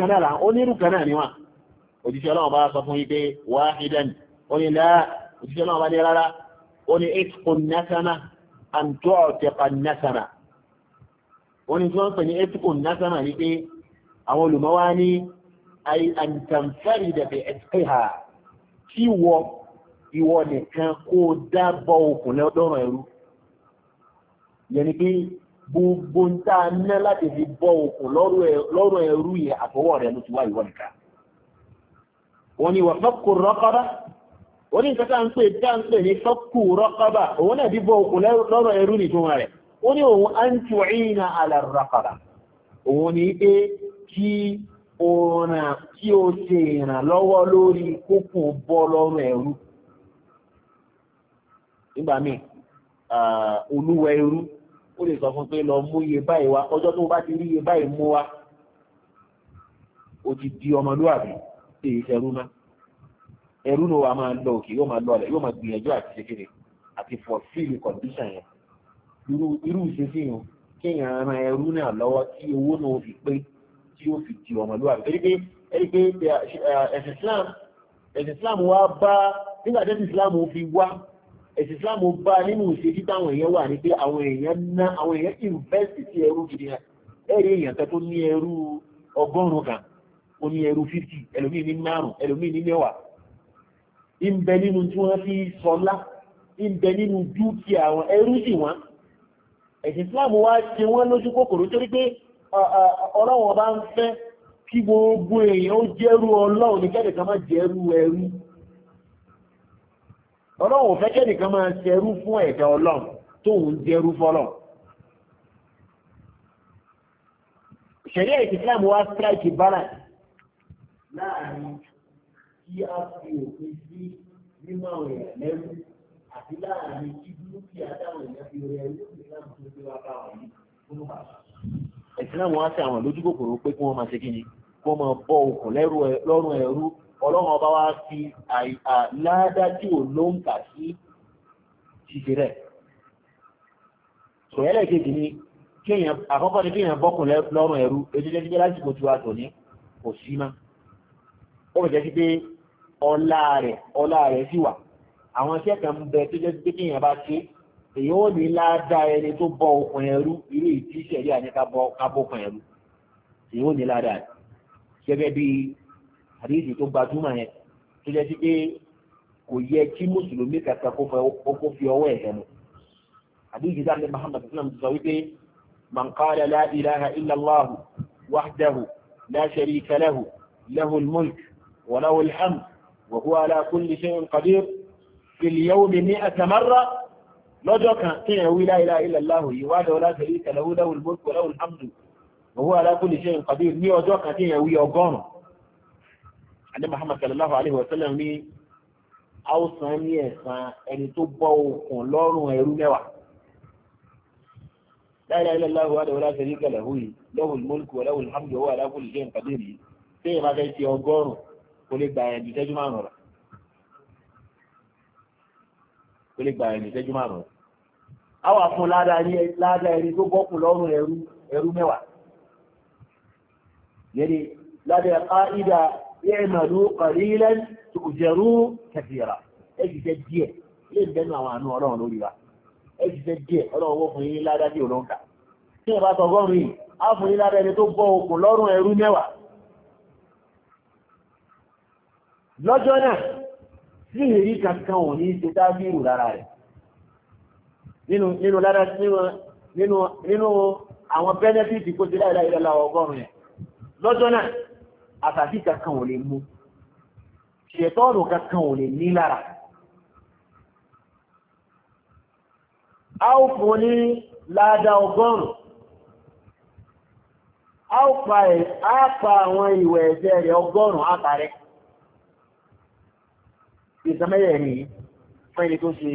ni wọ́n òjíṣẹ́ ọlọ́run bá sọ fún ipé wáhídán ó ní láà òjíṣẹ́ ọlọ́run bá ní rárá ó ní etkun nasana and tọ́ọ̀tẹ̀kan nasana ó ní tí wọ́n pè ní etkun nasana ní pé àwọn olùmọ́wá ní àìntàmfẹ́rì dẹ̀fẹ̀ ẹ̀tẹ́hà kí wọ ìwọ nìkan kó dábọ̀ òkùnlẹ̀ ọdọ́rọ̀ ẹ̀rú gbogbo ń tá a ná láti fi bọ́ okùn lọ́rùn ẹrú yẹn àtọwọ́ rẹ̀ ló ti wá ìwọ nìkan. wọ́n ni wọ́n fọ́kù rọ́kọ́bá wọ́n ní nǹkan tá à ń pè tá à ń pè ní fọ́kù rọ́kọ́bá òun náà fi bọ́ okùn lọ́rùn ẹrú nìtúmọ̀ rẹ̀ ó ní òun á ń tù ìyìn àlà rọ́kọ́bá òun ní pé kí ọ̀ràn tí ó ṣe ìrànlọ́wọ́ lórí kókò bọ́ lọ́rùn ẹrú nígbà míì olúwa ẹrú ó lè sọ fún pé lọ mú iye báyìí wá ọjọ́ tó bá ti rí iye báyìí mú wá ó ti di ọmọlúwàbí tí èyí ṣẹrú ná ẹrú ló wà máa lọ òkè yóò máa lọ ọlẹ yóò máa gbìyànjú àti ṣèkèrè àti fulfill condition yẹn irú ìṣesí yẹn kéèyàn ran ẹrú náà lọ́wọ́ tí owó náà fi pé tí ó fi di ọmọlúwàbí torí pé ẹni pé ẹ̀sìn Islam ẹ̀sìn Islam wá bá nígbà tẹ́sí Islam fi wá ẹ̀sì islam bá nínú ìṣèlú táwọn èèyàn wà ní pé àwọn èèyàn ná àwọn èèyàn invest sí ẹrú gidi hàn ẹ̀rí èèyàn kan tó ní ẹrú ọgọ́rùn-ún kan ó ní ẹrú 50 ẹlòmíì ní márùn ẹlòmíì ní mẹ́wàá ń nínú tí wọ́n fi sọlá ń nínú dúkìá àwọn ẹrú sì wọ́n ẹ̀sì islam wá ṣe wọ́n lójú kòkòrò torí pé ọlọ́wọ́n bá ń fẹ́ kí gbogbo èèyàn ó jẹ́rú ọlọ́run ní kẹ́ẹ̀kan ọlọ́run ò fẹ́ kẹ́ nìkan máa ṣẹrú fún ẹ̀dá ọlọ́run tóun jẹrú fọlọ́run ṣẹ̀ríà Islam wá strike balance láàrin kí a fi òfin sí mímọ̀ èèyàn lẹ́rú àti láàrin kí dúkìá táwọn èèyàn fi rẹ̀ lókè Islam tó ti wá bá wọn yìí fún Islam wá sí àwọn lójúkòkòrò pé kí wọ́n máa ṣe kí ni kí wọ́n máa bọ́ okùn lọ́rùn ẹrú ọlọ́run ọba wá fi ládájú olóǹkà sí ṣíṣe rẹ̀ sọ ẹlẹ́kejì ni àkọ́kọ́ ni kéèyàn bọ́kùn lọ́rùn ẹ̀rú ejújẹ́ jíjẹ́ lásìkò tí wà tò ní kò sí mọ́ ó bẹ̀jẹ́ sí pé ọlá rẹ̀ ọlá rẹ̀ sì wà àwọn iṣẹ́ kan bẹ tó jẹ́ pé kéèyàn bá ṣe èyí ó ní ládá ẹni tó bọ okùn ẹ̀rú irú ìtí ìṣẹ̀lẹ̀ àní ká ẹ̀rú èyí ó ní ládá rẹ̀ gẹ́gẹ́ bíi àdéhìí tó gbajúmọ̀ yẹn tó jẹ́ sí pé kò yẹ kí mùsùlùmí kankan kó fi ọwọ́ ẹ̀ lẹ́nu àdéhìí dáa ní Muhammad sallam sọ wípé man qala la ilaha illallah wahdahu la sharika lahu lahu al-mulk wa lahu al-hamd wa huwa ala ní shay'in qadir fi al-yawmi mi'ata marra lọ́jọ́ kan tí ẹ̀ wí la ilaha illallah yìí wá lọ́wọ́ la sharika lahu lahu al-mulk wa lahu al-hamd wa huwa ala kulli shay'in ní ọjọ́ kan tí ẹ̀ wí ọgọ́rùn-ún àdé Muhammad sallallahu alayhi wa sallam ní haúsàn ní ẹ̀sán ẹni tó bọ́ okùn lọ́rùn ẹrú mẹ́wàá la ilaha illallahu wahdahu la sharika lahu lahul mulku wa lahul hamdu wa huwa ala yìí téèyàn bá fẹ́ ti ọgọ́rùn kò lè gbà ẹ̀ ju ìṣẹ́jú márùn rẹ̀ kò lè gbà ẹ̀ ju ìṣẹ́jú márùn rẹ̀ àwa fún ládàá ẹni tó bọ́kùn lọ́rùn ẹrú mẹ́wàá yẹ́nì lábẹ́ i'malu qalilan tu'jaru kathira ẹ ti jẹ díẹ̀ lè bẹnu àwọn àánú ọlọ́run lórí wa ẹ ti jẹ díẹ̀ ọlọ́run ó fún yín ládá bí òun kà tí ẹ bá sọ ọgọ́rùn yìí á fún yín ládá ẹni tó bọ́ okùn lọ́rùn ẹrú mẹ́wàá lọ́jọ́ náà sí ìrírí kankan ò ní ṣe dábìrù lára rẹ̀ nínú nínú lára nínú nínú àwọn bẹ́nẹ́fìtì kó ti láìláìlá ọgọ́rùn-ún yẹn lọ́jọ́ náà àtàkì kankan ò lè mú ṣètọ́nù kankan ò lè ní lára a ó fún ní láàdá ọgọ́rùn a ó pa ẹ̀ a pa àwọn ìwẹ̀ ẹ̀jẹ̀ rẹ̀ ọgọ́rùn àtàrẹ ìsànmẹ́yẹ̀ ní fún ẹni tó ṣe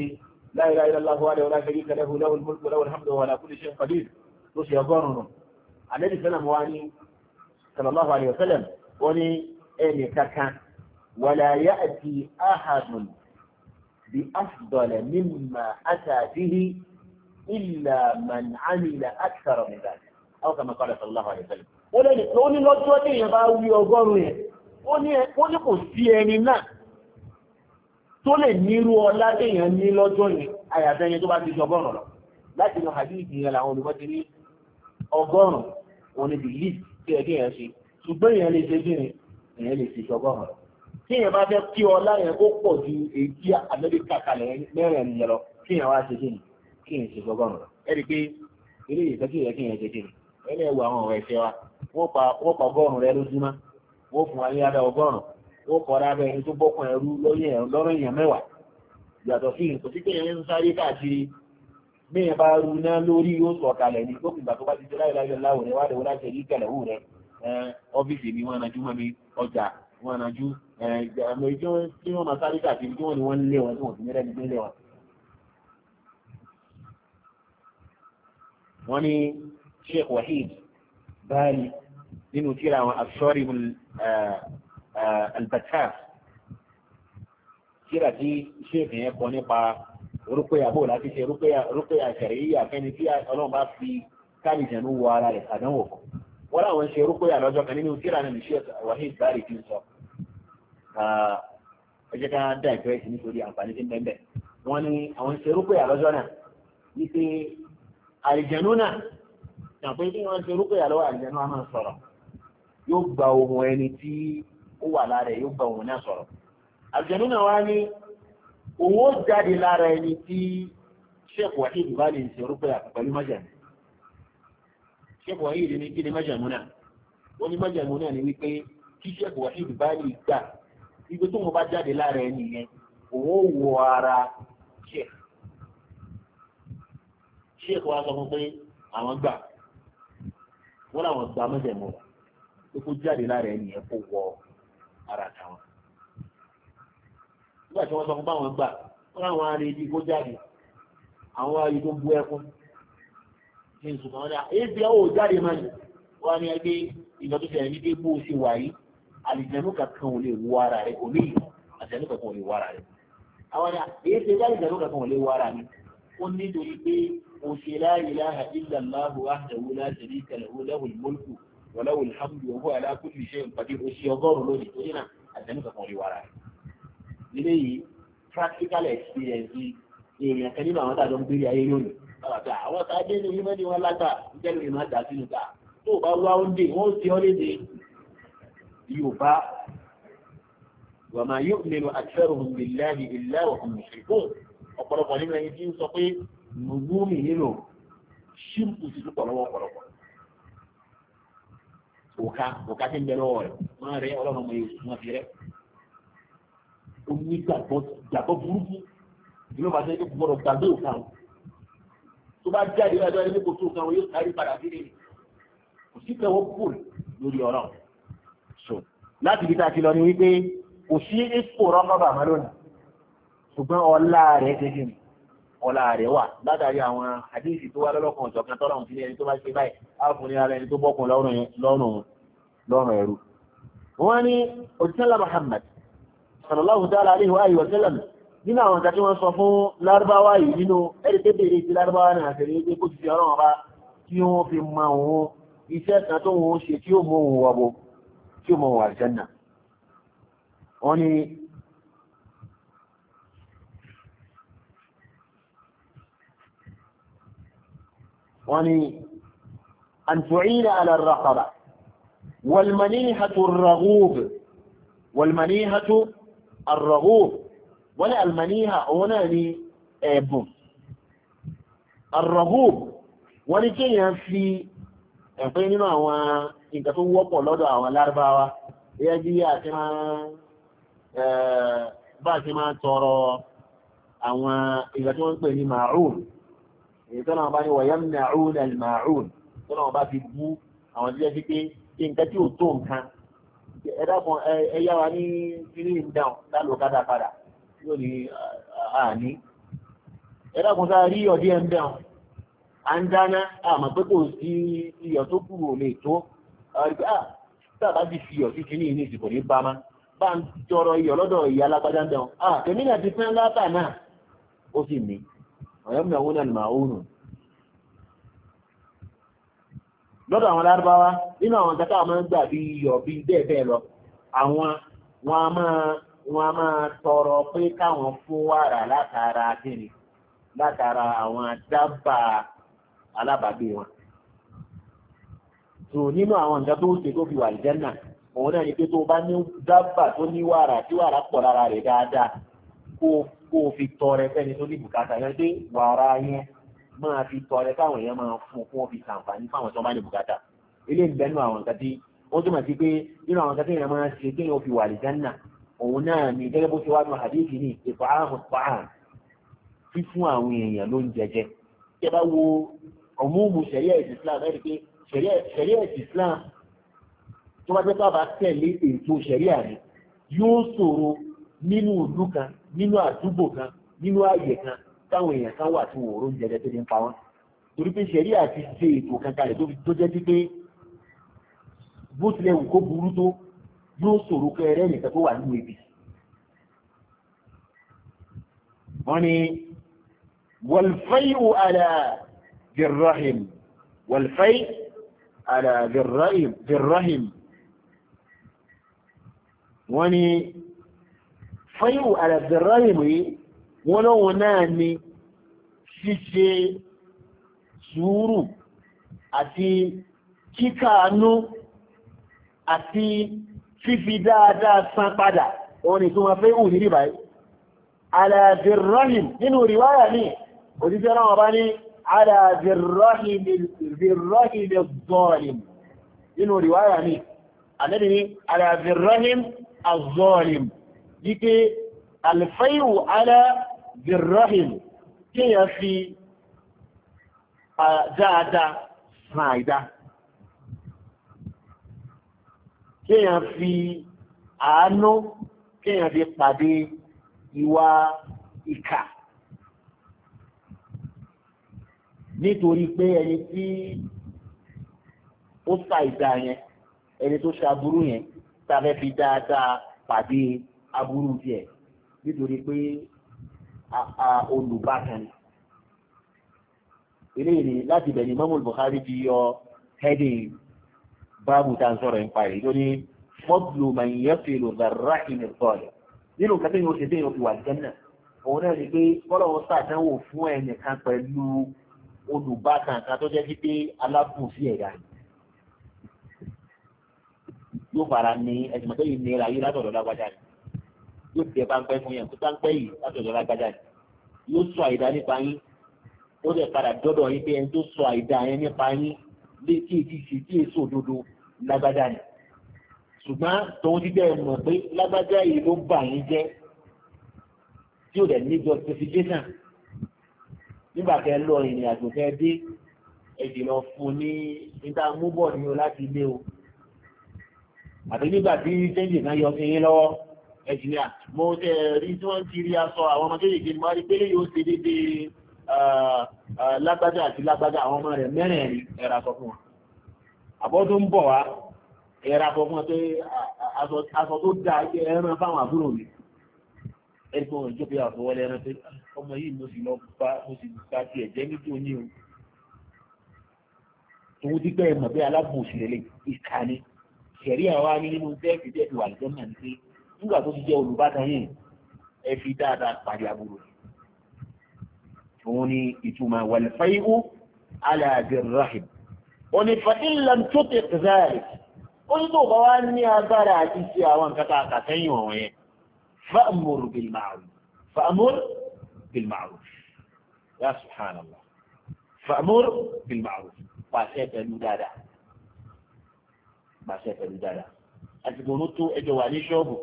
la ilaha illallahu wọ́n ní ẹnì kankan wàlá ya'ti ahadun bi afdala mimma ata bihi illa man amila akthara min dhalik aw kama qala sallallahu alaihi wasallam wọ́n lẹ́nu tó ní lọ́jọ́ tí èèyàn bá wí ọgọ́rùn-ún yẹn ó ní kò sí ẹni náà tó lè nírú ọlá tí èèyàn ní lọ́jọ́ yẹn àyàfẹ́ yẹn tó bá ti jọgọ́rùn lọ láti inú hadith yẹn làwọn olùkọ́ ti ní ọgọ́rùn-ún òun ni belief tí ẹgbẹ́ ṣùgbọ́n èèyàn lè ṣe bìrì èèyàn lè ṣe ṣọgọ́rùn lọ tí èèyàn bá fẹ́ kí ọlá yẹn kó pọ̀ ju èyí amẹ́ríkà kalẹ̀ mẹ́rin ẹ̀yìn lọ kí èèyàn wá ṣe bìrì kí èèyàn ṣe ṣọgọ́rùn lọ ẹ̀rí pé eré ìfẹ́ kí èèyàn kí èèyàn ṣe bìrì ẹ̀rí ẹ̀wọ̀ àwọn ọ̀rọ̀ ẹ̀ṣẹ̀ wa wọ́n pa ọgọ́rùn rẹ lójúmọ́ wọ́n fún wa ní abẹ́ ọgọ́rùn wọ́n kọ́ abẹ́ ẹni tó bọ́kàn ẹrú lọ́rọ̀ èèyàn mẹ́wàá yàtọ̀ sí nǹkan tí kéèyàn ń sáré káàkiri bí èèyàn bá ru lórí yóò sọ̀kalẹ̀ ní gbókùngbà tó bá ti ṣe láìláìláwò rẹ wá lè wọ́n láti ẹ̀yí kẹlẹ̀ wù rẹ Eh, ọ́fíìsì ni wọ́n ránjú mọ́ mi ọjà wọ́n ránjú eh, àmọ́ ìjọ tí wọ́n máa sáré káàkiri tí wọ́n ni wọ́n lé wọn tí wọ́n ti mẹ́rẹ́ nígbé lé wọn. wọ́n ní Sheikh Wahid báyìí nínú tíra àwọn asọ́rí eh, albatar tíra tí Sheikh yẹn kọ nípa rúpẹ́yà bó láti ṣe rúpẹ́yà rúpẹ́yà ṣẹ̀rẹ̀ yíyà fẹ́ni tí ọlọ́run bá fi káàdì jẹ̀nu wọ ara rẹ̀ àdánwò kan wọ́n láwọn ṣe rúkóyà lọ́jọ́ kan nínú tíra nínú ṣe wahid bari fi ń sọ ọjọ́ ká dá ìfẹ́sì nítorí àǹfààní tí ń bẹ́ẹ̀ wọ́n ní àwọn ṣe rúkóyà lọ́jọ́ náà ní pé àlìjẹ̀nú náà náà pé kí wọ́n ṣe rúkóyà lọ́wọ́ àlìjẹ̀nú a máa sọ̀rọ̀ yóò gba ohun ẹni tí ó wà lára ẹ̀ yóò gba ohun náà sọ̀rọ̀ àlìjẹ̀nú náà wá ní owó jáde lára ẹni tí ṣẹ́kù wáyé ní kí ni májàmú náà wọ́n ní májàmú náà ni wípé kí ṣẹ́kù wáyé bá lè gbà wípé tó wọn bá jáde lára ẹni yẹn òun ò wọ ara ṣẹ́ ṣẹ́kù wá sọ fún pé àwọn gbà wọ́n làwọn gba májàmú wa pé kó jáde lára ẹni kó wọ ara táwọn nígbà tí wọ́n sọ fún báwọn gbà wọ́n làwọn arìnrìn kó jáde àwọn ayé tó bú ẹkún ní ìṣùgbọ́n ní ẹgbẹ́ ó jáde máa ní wọ́n ní ẹgbẹ́ ìjọ tó ṣẹlẹ̀ nígbẹ́ bó ṣe wà yìí àlìjẹ̀nú kankan ò lè wọ ara rẹ̀ kò ní ìlú àlìjẹ̀nú kankan ò lè wọ ara rẹ̀ àwọn ni èyí ṣe jáde ìjẹ̀nú kankan ò lè wọ ara mi ó nítorí pé ó ṣe la ilaha illa Allahu wahdahu la sharika lahu lahul mulku wa ọ̀dà àwọn tàbí ní ilé mẹ́rin wọn látà jẹ́lú ìmọ̀ àjà sínú ta tó bá wá ó dé wọ́n ti ọ́ léde yorùbá wà máa yóò lè lo àṣẹrò ìlẹ́rìí ìlẹ́rọ̀ ìmùsùlùkù ọ̀pọ̀lọpọ̀ nínú ẹni tí ń sọ pé mùgbúmi nílò ṣímpù sí tó pọ̀lọ́wọ́ ọ̀pọ̀lọpọ̀ òka òka tí ń bẹ lọ́wọ́ rẹ̀ máa rẹ ọlọ́run ọmọ yòókù máa fi rẹ́ ó ní gbàgbọ́ burúkú ìlú bàtẹ́ gbọ́dọ̀ gbàgbé òka tó bá jáde lọ́jọ́ ilé kò tó kan wọn yóò sáré padà sí nìyí kò sí pé wọ́n kúrò lórí ọ̀rọ̀ so láti ibi tá a ti lọ ni wípé kò sí èso rọ́bà mọ́ lónìí ṣùgbọ́n ọlá rẹ̀ ṣe jù ọlá rẹ̀ wà látàrí àwọn àdéhìsì tó wá lọ́lọ́kan ìjọkan tọ́lọ̀ ń sílẹ̀ ẹni tó bá ṣe báyìí áàfúnni ara ẹni tó bọ́kùn lọ́rùn ẹ̀rú wọ́n ní òṣìṣẹ́lá Muhammad sallallahu ta'ala alaihi wa sallam nínú àwọn ìdájí wọ́n sọ fún lárúbáwá yìí nínú ẹ̀rẹ́dẹ́ bèèrè ti lárúbáwá náà tẹ̀lé pé kó ti fi ọlọ́run bá tí wọ́n fi ma òun iṣẹ́ kan tó wọ́n ṣe tí ó mọ òun wọ́bọ̀ tí ó mọ òun àjẹ́nà wọ́n ni wọ́n ni àǹtùrínà alárọ̀kọ̀rọ̀ wàlmaníhàtù rọ̀gúbù wàlmaníhàtù الرغوب wọ́n ní almaniha òun náà ní ẹ̀bùn arragub wọ́n ní kéèyàn fi ẹ̀fẹ́ nínú àwọn nǹkan tó wọ́pọ̀ lọ́dọ̀ àwọn lárúbáwá gẹ́gẹ́ bí àti máa bá ti máa tọrọ àwọn ìgbà tí wọ́n ń pè ní ma'un èyí tó náà bá ní wọ̀yán ma'un al-ma'un tó náà bá fi bú àwọn jíjẹ́ sí pé kí nǹkan tí ò tó nǹkan ẹ̀dá kan ní kíní ìdáhùn lálòkádà padà yóò ní àní ẹ̀dàkùn sáà rí ọdí ẹ̀ ń bẹ̀ wọn à ń dáná àmọ́ pé kò sí iyọ̀ tó kù ò lè tó tàbá ti fi iyọ̀ sí kínní ní ìsìnkò ní bámá bá ń tọrọ iyọ̀ lọ́dọ̀ ìyá alágbádá ń bẹ̀ wọn àtẹ̀mí náà ti pẹ́ látà náà ó sì mí ọ̀yọ́ mi àwọn ènìyàn máa ń rùn lọ́dọ̀ àwọn lárúbáwá nínú àwọn kátà máa ń gbà bí iyọ̀ bí bẹ́ẹ̀ lọ àwọn wọn máa wọ́n a máa tọrọ pé káwọn fún wàrà látara kíni látara àwọn dábà alábàgbé wọn. tò nínú àwọn nǹkan tó ń ṣe tó fi wà lìjẹ́nà òun náà ni pé tó bá ní dábà tó ní wàrà tí wàrà pọ̀ lára rẹ̀ dáadáa kó kó o fi tọrẹ fẹ́ni tó ní bùkátà yẹn dé wàrà yẹn máa fi tọrẹ káwọn èèyàn máa fún kó fi ṣàǹfààní fáwọn tó bá ní bùkátà ilé ìbẹ́nu àwọn nǹkan tí ó túmọ̀ sí pé nínú àwọn nǹkan tí èèyàn máa ṣe kéèyàn fi wà lìjẹ́nà òun náà ni gẹ́gẹ́ bó ṣe wá nu àdéhìí ní ìfàáhùn pààrùn fífún àwọn èèyàn ló ń jẹjẹ tí a bá wo ọmúùmù ṣẹ̀ríà ẹ̀sìn Islam ẹ̀rí pé ṣẹ̀ríà ẹ̀sìn Islam tó bá jẹ́ pé àbá tẹ̀lé ètò ṣẹ̀ríà rẹ̀ yóò ṣòro nínú ìlú kan nínú àdúgbò kan nínú ààyè kan táwọn èèyàn kan wà tí wò ó ń jẹjẹ tó ti ń pa wọn torí pé ṣẹ̀ríà ti ṣe ètò kankan rẹ̀ tó jẹ́ pé bó tilẹ̀ wù kó burú tó yóò ṣòro pé ẹrẹ́ nìkan tó wà nínú ibi. wọ́n ní wàlfáìwò àlà birrahim wàlfáì àlà birrahim wọ́n ní fáìwò àlà birrahim yìí wọ́n lọ́wọ́ náà ni ṣíṣe sùúrù àti kíkàánú àti fífi dáadáa san padà òun ni tó wọ́n fẹ́ hù nílì báyìí aláàdìrọ́hìm nínú ríwáyà ní òjíṣẹ́ náà bá ní aláàdìrọ́hìm zọ́ọ̀lìm nínú ríwáyà ní àdẹ́bì ní aláàdìrọ́hìm azọ́ọ̀lìm díké alfaiwu aláàdìrọ́hìm kí yẹn fi ah, dáadáa san àìdá kéèyàn fi àánú kéèyàn fi pàdé ìwà ìkà nítorí pé ẹni tí ó ṣàìdá yẹn ẹni tó ṣàbúrú yẹn tàbẹ́ fi dáadáa pàdé aburú tiẹ̀ nítorí pé olùbákan eléyìí láti bẹ̀rẹ̀ Imam Bukhari ti yọ heading báàbù tá à ń sọ̀rọ̀ nípa rẹ̀ lórí fọ́dùlù màá yẹ fèlò rárá ìmì sọ̀rọ̀ nínú nǹkan téèyàn ṣe téèyàn fi wà jẹ́nà òun náà ni pé kọ́lọ́wọ́ sàdánwò fún ẹnìkan pẹ̀lú olùbátan kan tó jẹ́ sí pé alábùsí ẹ̀yà yóò fara ní ẹ̀sìn tó yìí nira yìí látọ̀dọ̀ lágbájá ni yóò tẹ pàmpẹ́ fún yẹn kó pàmpẹ́ yìí látọ̀dọ̀ lágbájá ni yóò sọ àìdá nípa yín ó lè padà dọ́dọ̀ yín pé ẹni tó sọ àìdá yẹn nípa yín lé tí èdè ṣe tí èso òdodo lágbádá ni ṣùgbọ́n tòun ti bẹ́ẹ̀ mọ̀ pé lágbádá yìí ló bà yín jẹ́ tí ò dẹ̀ ní justification nígbà tẹ lọ ìrìn àjò tẹ dé ẹ̀dì lọ fún ní níta mú bọ̀ ní o láti ilé o àti nígbà tí sẹ́ńjì náà yọ sí yín lọ́wọ́ ẹ̀jìnìà mo tẹ̀ rí tí wọ́n ti rí aṣọ àwọn ọmọ kéèké mo wá rí pé yóò ṣe déédéé Ah, ah, lágbájá àti lágbájá àwọn ọmọ rẹ̀ mẹ́rẹ̀ẹ̀rin ẹ̀rà sọ fún wọn àbọ́dún ń bọ̀ wá ẹ̀rà sọ fún wọn pé aṣọ tó dá ẹgbẹ́ ẹran fáwọn àbúrò mi ẹgbẹ́ wọn ìjọba àfọwọ́lẹ̀ ẹran pé ọmọ yìí mo sì lọ bá mo sì gba ti ẹ̀jẹ̀ níbi oní o tòun ti gbẹ́ ẹ̀mọ̀ bí alábòsí lélẹ̀ ìkànnì ṣẹ̀rí àwa ní nínú bẹ́ẹ̀kì bẹ́ẹ̀kì wà lẹ́jọ́ náà ní pé nígbà tó ti jẹ́ olùbátan yìí ẹ fi dáadáa pàdé àbúrò rẹ̀ òun ni ìtumọ̀ wàlfàíhù aláàdìrrahim òun ni fàílàn tó tè kìzáàrì ó ní tó bá wá ní agbára àti ṣe àwọn nǹkan tá a kà sẹ́yìn ọ̀hún yẹn fa'amur bil ma'ruf fa'amur bil ma'ruf ya subhanallah fa'amur bil pàṣẹ pẹ̀lú dáadáa pàṣẹ pẹ̀lú dáadáa àsìkò ló tó ẹjọ́ wà ní ṣọ́ọ̀bù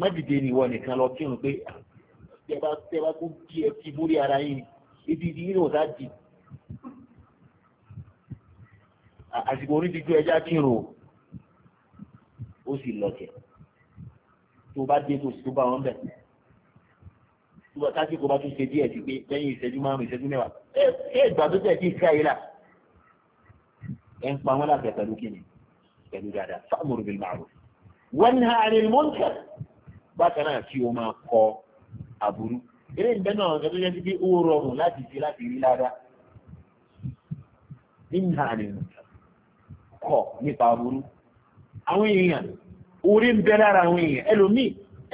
má dìde nìwọ nìkan lọ kírun pé ah, tẹ́bá tẹ́bá kú bí ẹ ti múrí ara yín ibi ibi yìí náà dá di. àsìkò orí dídú ẹja kí n rò ó sì lọ̀kẹ̀ tó bá dé tó sì tó bá wọn bẹ̀ tó tásìkò bá tún ṣe díẹ̀ sí pé lẹ́yìn ìṣẹ́jú márùn-ún ìṣẹ́jú mẹ́wàá ẹ ìgbà tó tẹ̀ sí ìṣe ayé là ẹ ń pa wọn láti pẹ̀lú kíni pẹ̀lú dáadáa fáwọn òrùbí màrún wọn ní àárín mọ́ńkà bákan náà kí o máa kọ́ àbúrú eré ìgbẹ́ náà ọ̀gá tó yẹ sí pé ó rọrùn láti ṣe láti rí lára nígbà nínú kọ̀ nípa àbúrú àwọn èèyàn orí ń bẹ lára àwọn èèyàn ẹlòmíì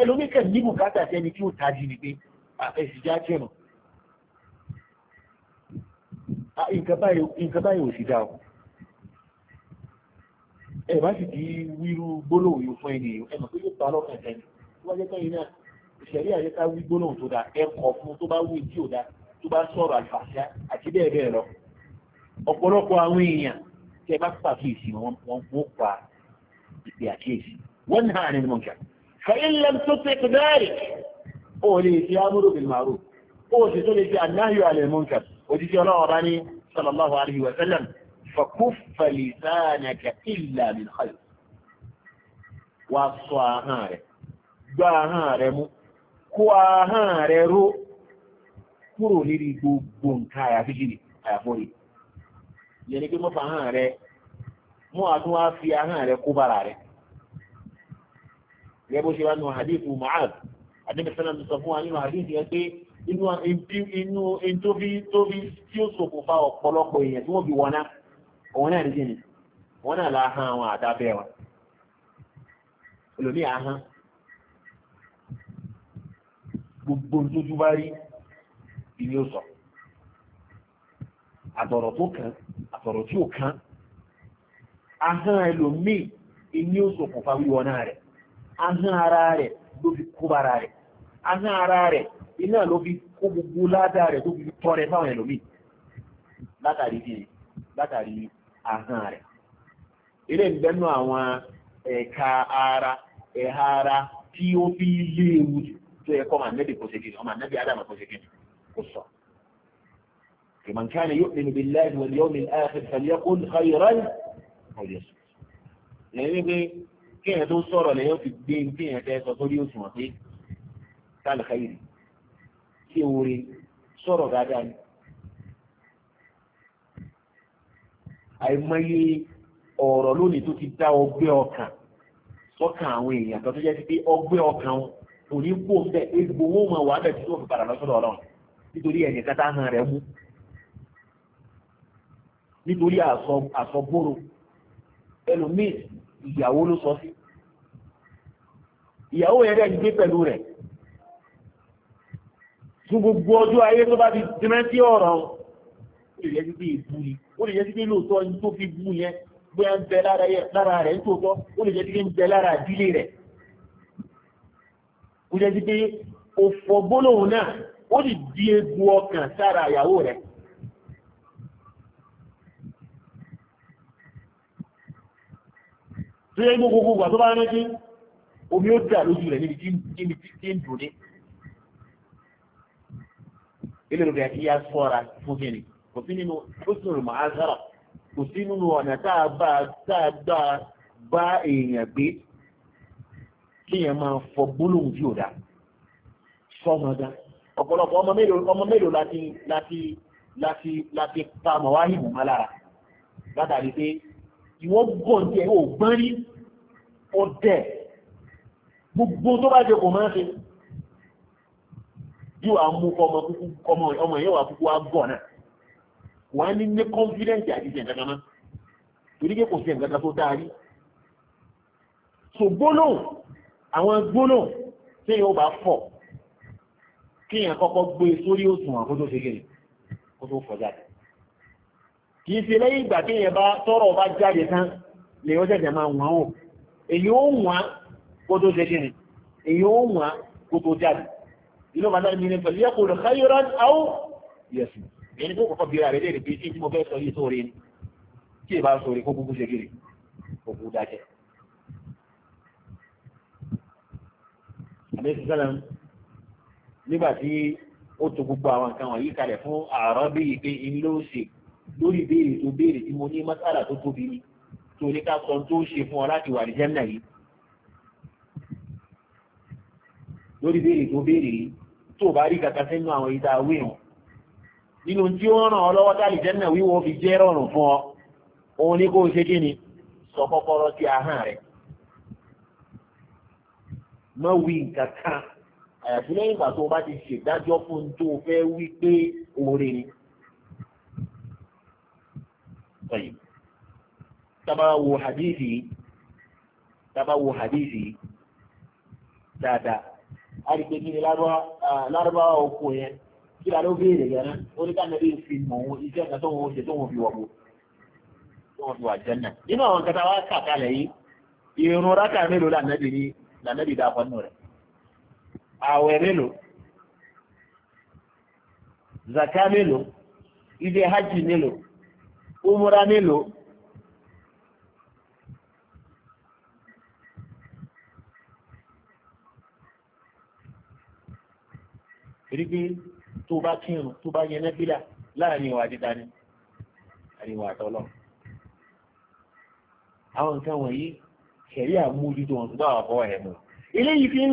ẹlòmíì kẹ̀ ní bùkátà sí ẹni tí ó tají ni pé àfẹsìjá jẹ̀ràn nǹkan báyìí ò sí dáa ẹ̀ bá sì kí wíru gbólóhùn yóò fún ẹni ẹ̀ mọ̀ pé yóò pa lọ́kàn ẹ̀sẹ̀ wọ́n jẹ́ pẹ́yìn náà ìṣẹ̀rí àyíká wí gbólóhùn tó dáa ẹ kọ̀ fún tó bá wí tí ò dáa tó bá sọ̀rọ̀ àlùfàṣà àti bẹ́ẹ̀ bẹ́ẹ̀ lọ ọ̀pọ̀lọpọ̀ àwọn èèyàn tẹ bá pàkíyèsí wọn wọn kó pa ìpè àkíyèsí wọn ní hàn nínú mọ̀nkà fẹ́yìn lẹ́m tó tẹ kẹdáàrì ó lè fi amúrò bìnnú àrò ó sì tó lè fi ànáyọ àlẹ́ mọ̀nkà òjijì ọlọ́wọ́ bá ní sallallahu alayhi wa فكف لسانك إلا من خير وصاهار kó ahán rẹ̀ ró kúrò níbi gbogbo nǹkan àyàfíjìrì àyàfórí yẹni pé mọ́fà ahán rẹ̀ mọ́ àtún wá fi ahán rẹ̀ kó bára rẹ̀ gẹ́gẹ́ bó ṣe wá nù hadithu Mu'adh adébẹ̀ sẹ́nà ti sọ fún wa nínú hadithu yẹn pé inú inú tóbi tóbi tí ó ṣokùnfà ọ̀pọ̀lọpọ̀ èèyàn tí wọ́n fi wọná òun náà ní jìnnì wọ́n náà láhán àwọn àdábẹ́ wọn ẹlòmíì ahán gbogbo tójú bá rí ilé ó sọ àtọ̀rọ̀ tó kàn àtọ̀rọ̀ tí ò kàn ahọ́n ẹlòmíì ilé ó ṣokùnfà wíwọ náà rẹ̀ ahọ́n ara rẹ̀ ló fi kó bára rẹ̀ ahọ́n ara rẹ̀ iná ló fi kó gbogbo ládà rẹ̀ tó fi tọrẹ fáwọn ẹlòmíì látàrí kí látàrí ahọ́n rẹ̀ ilé ìbẹ́nu àwọn ẹ̀ka ara ẹ̀ha ara tí ó fi lé ewu jù tó yẹ kọ́ ọmọ ànábì kò ṣe kí ni ọmọ ànábì ádámà kò ṣe kí ni kò sọ. man kana yu'minu billahi wal yawmil akhir falyaqul khayran aw liyasmut. lẹ́yìn pé kéèyàn tó sọ̀rọ̀ lẹ́yìn fi gbé kéèyàn fẹ́ sọ sórí òṣùwọ̀n pé kal khayri kí oore sọ̀rọ̀ dáadáa ni. àìmọye ọ̀rọ̀ lónìí tó ti dá ọgbẹ́ ọkàn sọ́kàn àwọn èèyàn kan tó jẹ́ sí pé ọgbẹ́ ọkàn wọn kò ní kó bẹ egbò wọn mọ wà bẹ tí wọn fi padà lọ sọ́dọ̀ Ọlọ́run nítorí ẹnì kata hàn rẹ mú nítorí àsọgbòrò ẹlòmíì ìyàwó ló sọ sí ìyàwó yẹn dẹ̀ ń gbé pẹ̀lú rẹ̀ tún gbogbo ọjọ́ ayé tó bá ti dìmẹ́ sí ọ̀rọ̀ ó lè yẹ sí pé ìbú ni ó lè yẹ sí pé lóòótọ́ ní tó fi bú yẹn bóyá ń bẹ lára rẹ̀ nítòótọ́ ó lè yẹ sí ń bẹ lára ìdílé rẹ̀ kò jẹ́ sí pé òfò gbólóhùn náà ó sì di egbò ọkàn sára ìyàwó rẹ̀ tó yẹ gbogbo gbà tó bá rántí omi ó dà lójú rẹ̀ níbi tí ń dùn ní ilé rẹ̀ kí á sọ́ra fún kíni kò sí nínú husnul mu'ashara kò sí nínú ọ̀nà tá a bá èèyàn gbé kíyàn máa fọ gbólóhùn tí ò dá fọ́mọ gan ọ̀pọ̀lọpọ̀ ọmọ mélòó ọmọ mélòó láti láti láti láti pa mọ̀wáhìmù má lára látàrí pé ìwọ́n gùn tí ẹ ò gbọ́n rí ó dẹ̀ gbogbo tó bá jẹ kò máa ṣe yóò á mú ọmọ ọmọ yẹn wà kúkú àgọ́ náà wọ́n á ní ní confidence àti ìṣẹ̀ kankan náà torí pé kò sí ẹ̀ǹkan kan tó dáa rí ṣògbónà àwọn gbóná tí yóò bá fọ̀ kí èèyàn kọ́kọ́ gbé e sórí òṣùwọ̀n kó tó ṣe kí kó tó fọ̀ jáde kì í ṣe lẹ́yìn ìgbà tí èèyàn bá tọ́rọ̀ bá jáde tán lè ó ṣẹ̀ṣẹ̀ máa wọ̀n o èyí ó wọ̀n kó tó ṣe kí ni èyí ó wọ̀n kó tó jáde inú bàtà mi ni pẹ̀lú yẹ kó lè khayran aw yẹ̀sùn èyí tó kọ́kọ́ bíra rẹ̀ lè rí bí tí mo fẹ́ sọ yìí sóore ni tí ì bá sóore kó kúkú ṣe kí ni kó kú dájẹ́ àdéhùn sẹ́lẹ̀m nígbà tí ó to gbogbo àwọn nǹkan wọ̀nyí kalẹ̀ fún àárọ̀ béèrè pé n ló ṣe lórí béèrè tó béèrè tí mo ní mọ́sálà tó tóbi ni tó ní ká sọ tó ṣe fún ọ láti wà ní jẹ́mínà yìí lórí béèrè tó béèrè yìí tó bá rí kàkà sínú àwọn ìdá wíwọ̀n nínú tí ó ràn ọ lọ́wọ́ tálì jẹ́mínà wíwọ́ fi jẹ́ rọrùn fún ọ òun ní kó ṣe kí ni sọ kọ́kọ́rọ́ sí ahọ́n rẹ̀ má wí nǹkan kan àyàfi lẹ́yìn ìgbà tó o bá ti ṣèdájọ́ fún tó o fẹ́ wí pé oore ni. tábà wo hadithi tábà hadithi dáadáa a pé kí ni lárúbáwá oko yẹn kí la ló béèrè yẹn ó ní káàmì bí fi mọ̀ wọn iṣẹ́ ìgbà tó wọn ṣe tó wọn fi wọ̀ bò tó wọn fi wà jẹ́ náà nínú àwọn kata wa kàkálẹ̀ yìí ìrún rákà mélòó là nàbì ni lànàbì dàpọ̀ nù rẹ̀ àwẹ̀ mélòó zaka mélòó ìdè hajj mélòó umra mélòó rígbé tó bá kírun tó bá yẹn nẹ́bílà láàrin ìwà dídá ni àríwá àtọ́lọ́ àwọn nǹkan wọ̀nyí ṣẹ̀rí àmójútó wọn gbá ọ̀họ́ ẹ̀mọ̀ eléyìí fi ń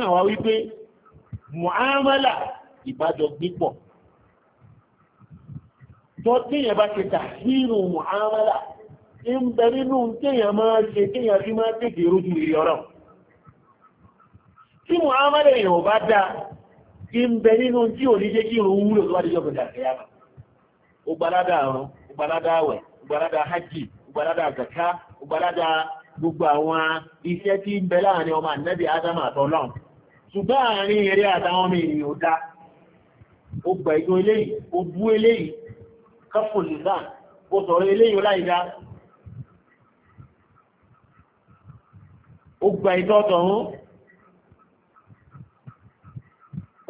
hàn wá wípé mu'amala ìbájọ gbípọ̀ tó tíyàn bá ṣe tàhírù mu'amala ń bẹ nínú tíyàn máa ṣe tíyàn fi máa rójú ìrì ọ̀rọ̀ tí mu'amala èèyàn bá ń bẹ nínú tí ò ní jẹ́ kí irun wúlò tó gbalada zaka gbalada gbogbo àwọn iṣẹ́ tí ń bẹ láàrin ọmọ ànẹ́bì adama àtọ́lọ́n ṣùgbọ́n àárín eré àtàwọn ọmọ ènìyàn ó dá ó gbà ìjọ eléyìí ó bú eléyìí kọ́fùn lìzán ó sọ̀rọ̀ eléyìí ó láìdá ó gbà ìjọ tọ̀hún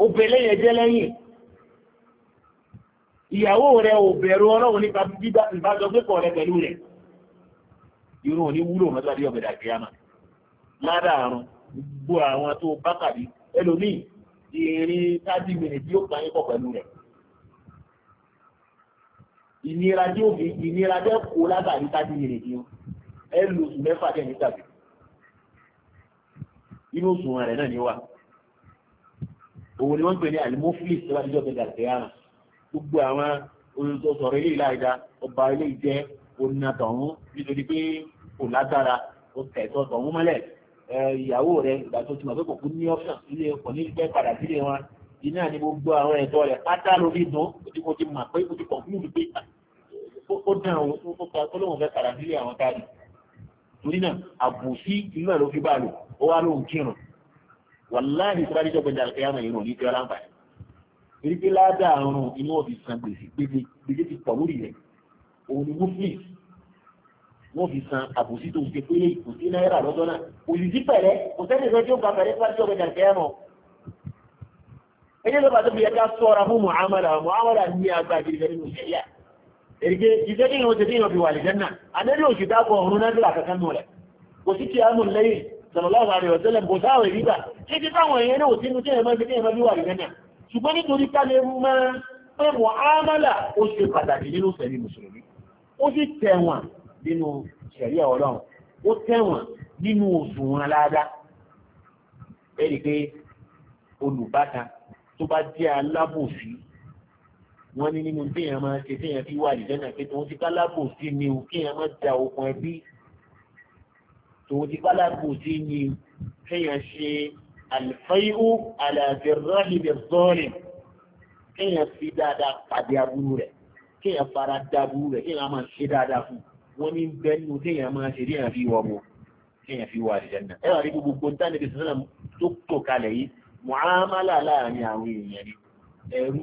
ó bẹ̀lẹ̀ yẹn jẹ́ lẹ́yìn ìyàwó rẹ̀ ò bẹ̀rù ọlọ́run nípa bíbá ìbájọ́ pẹ́kọ̀ọ́ rẹ̀ pẹ̀lú rẹ̀ irú òní wúlò mọ́tò àbí ọ̀gbẹ̀dà kìíyàmà ládàárùn gbogbo àwọn tó bá kàbí ẹlòmíì ìrìn tájì mìíràn tí ó pààyè pọ̀ pẹ̀lú rẹ̀ ìnira tí ó fi ìnira jẹ́ kó látàrí tájì mìíràn tí ó ẹ lu oṣù mẹ́fà tẹ̀ ní tàbí inú oṣù rẹ̀ náà ni wà òun ni wọ́n ń pè ní alimoflis tó bá ti jọ́ gbẹ̀dà kìíyàmà gbogbo àwọn olùsọ̀rọ̀ ilé ìlà ònà tọ̀hún nítorí pé kò lágbára ó tẹ̀sọ́ tọ̀hún mọ́lẹ̀ ìyàwó rẹ̀ ìgbà tó ti mọ̀ pé kò kú ní ọ́fíà sílé ọkọ̀ ní ìgbẹ́ padà sílé wọn iná ni gbogbo àwọn ẹ̀tọ́ rẹ̀ pátá lórí dùn ó ti kò ti mọ̀ pé ó ti kọ̀ fún ìdúpé ó dàn ó tó ta tó lóun fẹ́ padà sílé àwọn táàdì torí náà àbùsí inú ẹ̀ ló fi bá lò ó wá lóun kírun wàláhì tó bá níjọ́ gbẹ̀dẹ̀ àlùkẹ́ àmọ̀ ìrùn ní ti ọlá ń ládàá àrùn inú ọ̀bì san gbèsè gbèsè gbèsè ti pọ̀ lórí rẹ̀ òun ni muslim wọ́n fi san àbòsí tó ń ṣe pé kò sí náírà lọ́dọ́ náà òyìnbí pẹ̀lẹ́ kò sẹ́ni rẹ tí ó gba pẹ̀lẹ́ tí wọ́n ti ọ̀gbẹ́ jàǹkẹ́ mọ́. ẹjẹ́ ló bá tó fi ẹja sọ́ra fún muhammadu muhammadu ní agbá ìdílé nínú ìṣẹ̀yà èrìgé ìṣẹ́ kí wọ́n ti dín ìyàn fi wà lìjẹ́ náà àdéhùn òsì dáàbò ọ̀run náírà kankan nù rẹ̀ kò sí kí á mú lẹ́yìn sọ̀rọ̀láwà ó sì tẹ̀wọ̀n nínú ṣẹ̀ríà ọlọ́run ó tẹ̀wọ̀n nínú òṣùwọ̀n aláàdá ẹ̀rí pé olùbátan tó bá jẹ́ alábòsí wọ́n ní nínú téèyàn máa ṣe téèyàn fi wà nìjọ́nà pé tòun ti kálábòsí ni o kéèyàn máa da okun ẹbí tòun ti kálábòsí ni kéèyàn ṣe àlùfáìhù àlàbẹ̀rọ̀lìbẹ̀rọ̀lì kéèyàn fi dáadáa pàdé aburú rẹ̀ kéèyàn fara dábú rẹ̀ kéèyàn máa ṣe dáadáa fún wọn ní bẹ́ẹ̀nu kéèyàn máa ṣe déèyàn fi wọ bọ kéèyàn fi wọ àlìjẹ́nà ẹ wà rí gbogbo ntá níbi sọ́nà tó tò kalẹ̀ yìí mùámálà láàrin àwọn èèyàn ni ẹ̀rú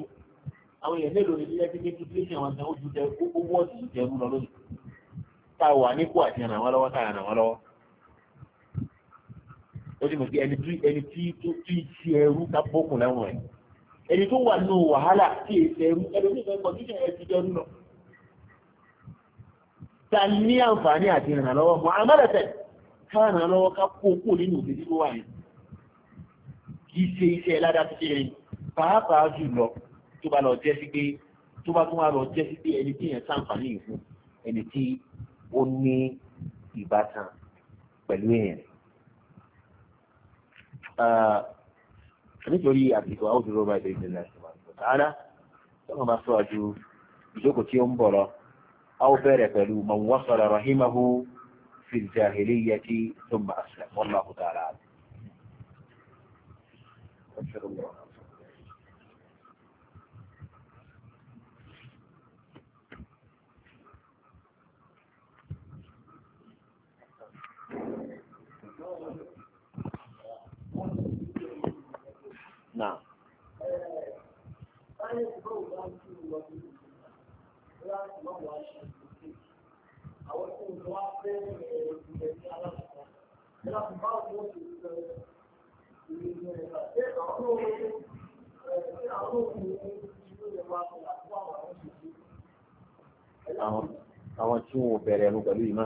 àwọn èèyàn mélòó ni bí wọ́n ti ní duplicate wọn sanwó ju tẹ gbogbo wọ́ọ̀dù ju tẹ̀rú lọ lónìí tá wà nípò àti ràn wọ́n lọ́wọ́ tá a ràn lọ́wọ́ ó ti mọ̀ sí ẹni tí ẹni tí tí ti ẹrú ká bókun lẹ́wọ̀n rẹ̀ ẹni tó wà nù wàhálà tí èsì ẹrú ẹlòmíì fẹ́ kọjú ní ẹ̀ẹ́dì dọ́rú lọ. ta ní àǹfààní àti ìrànlọ́wọ́ mọ́ àmọ́lẹ̀tẹ̀ ká ìrànlọ́wọ́ ká kó kó nínú òbí tó wà yẹn kì í ṣe iṣẹ́ ládàá tó ṣe rìn pàápàá jù lọ tó bá lọ jẹ́ sí pé tó bá tún wá lọ jẹ́ sí pé ẹni tí yẹn sàǹfààní yìí fún ẹni tí ó ní ìbátan pẹ̀lú èèyàn. Ah, nítorí àsìkò àwọn òdúró bá ilé ìdílé ṣùgbọ́n tọ́nà bá sọ àjù ìjókòó tí ó ń bọ̀ lọ a ó bẹ̀rẹ̀ pẹ̀lú man wasala rahimahu fi jahiliyyati thumma aslama wallahu ta'ala. náà. Àwọn tí wọ́n bẹ̀rẹ̀ ẹnu pẹ̀lú ìmá.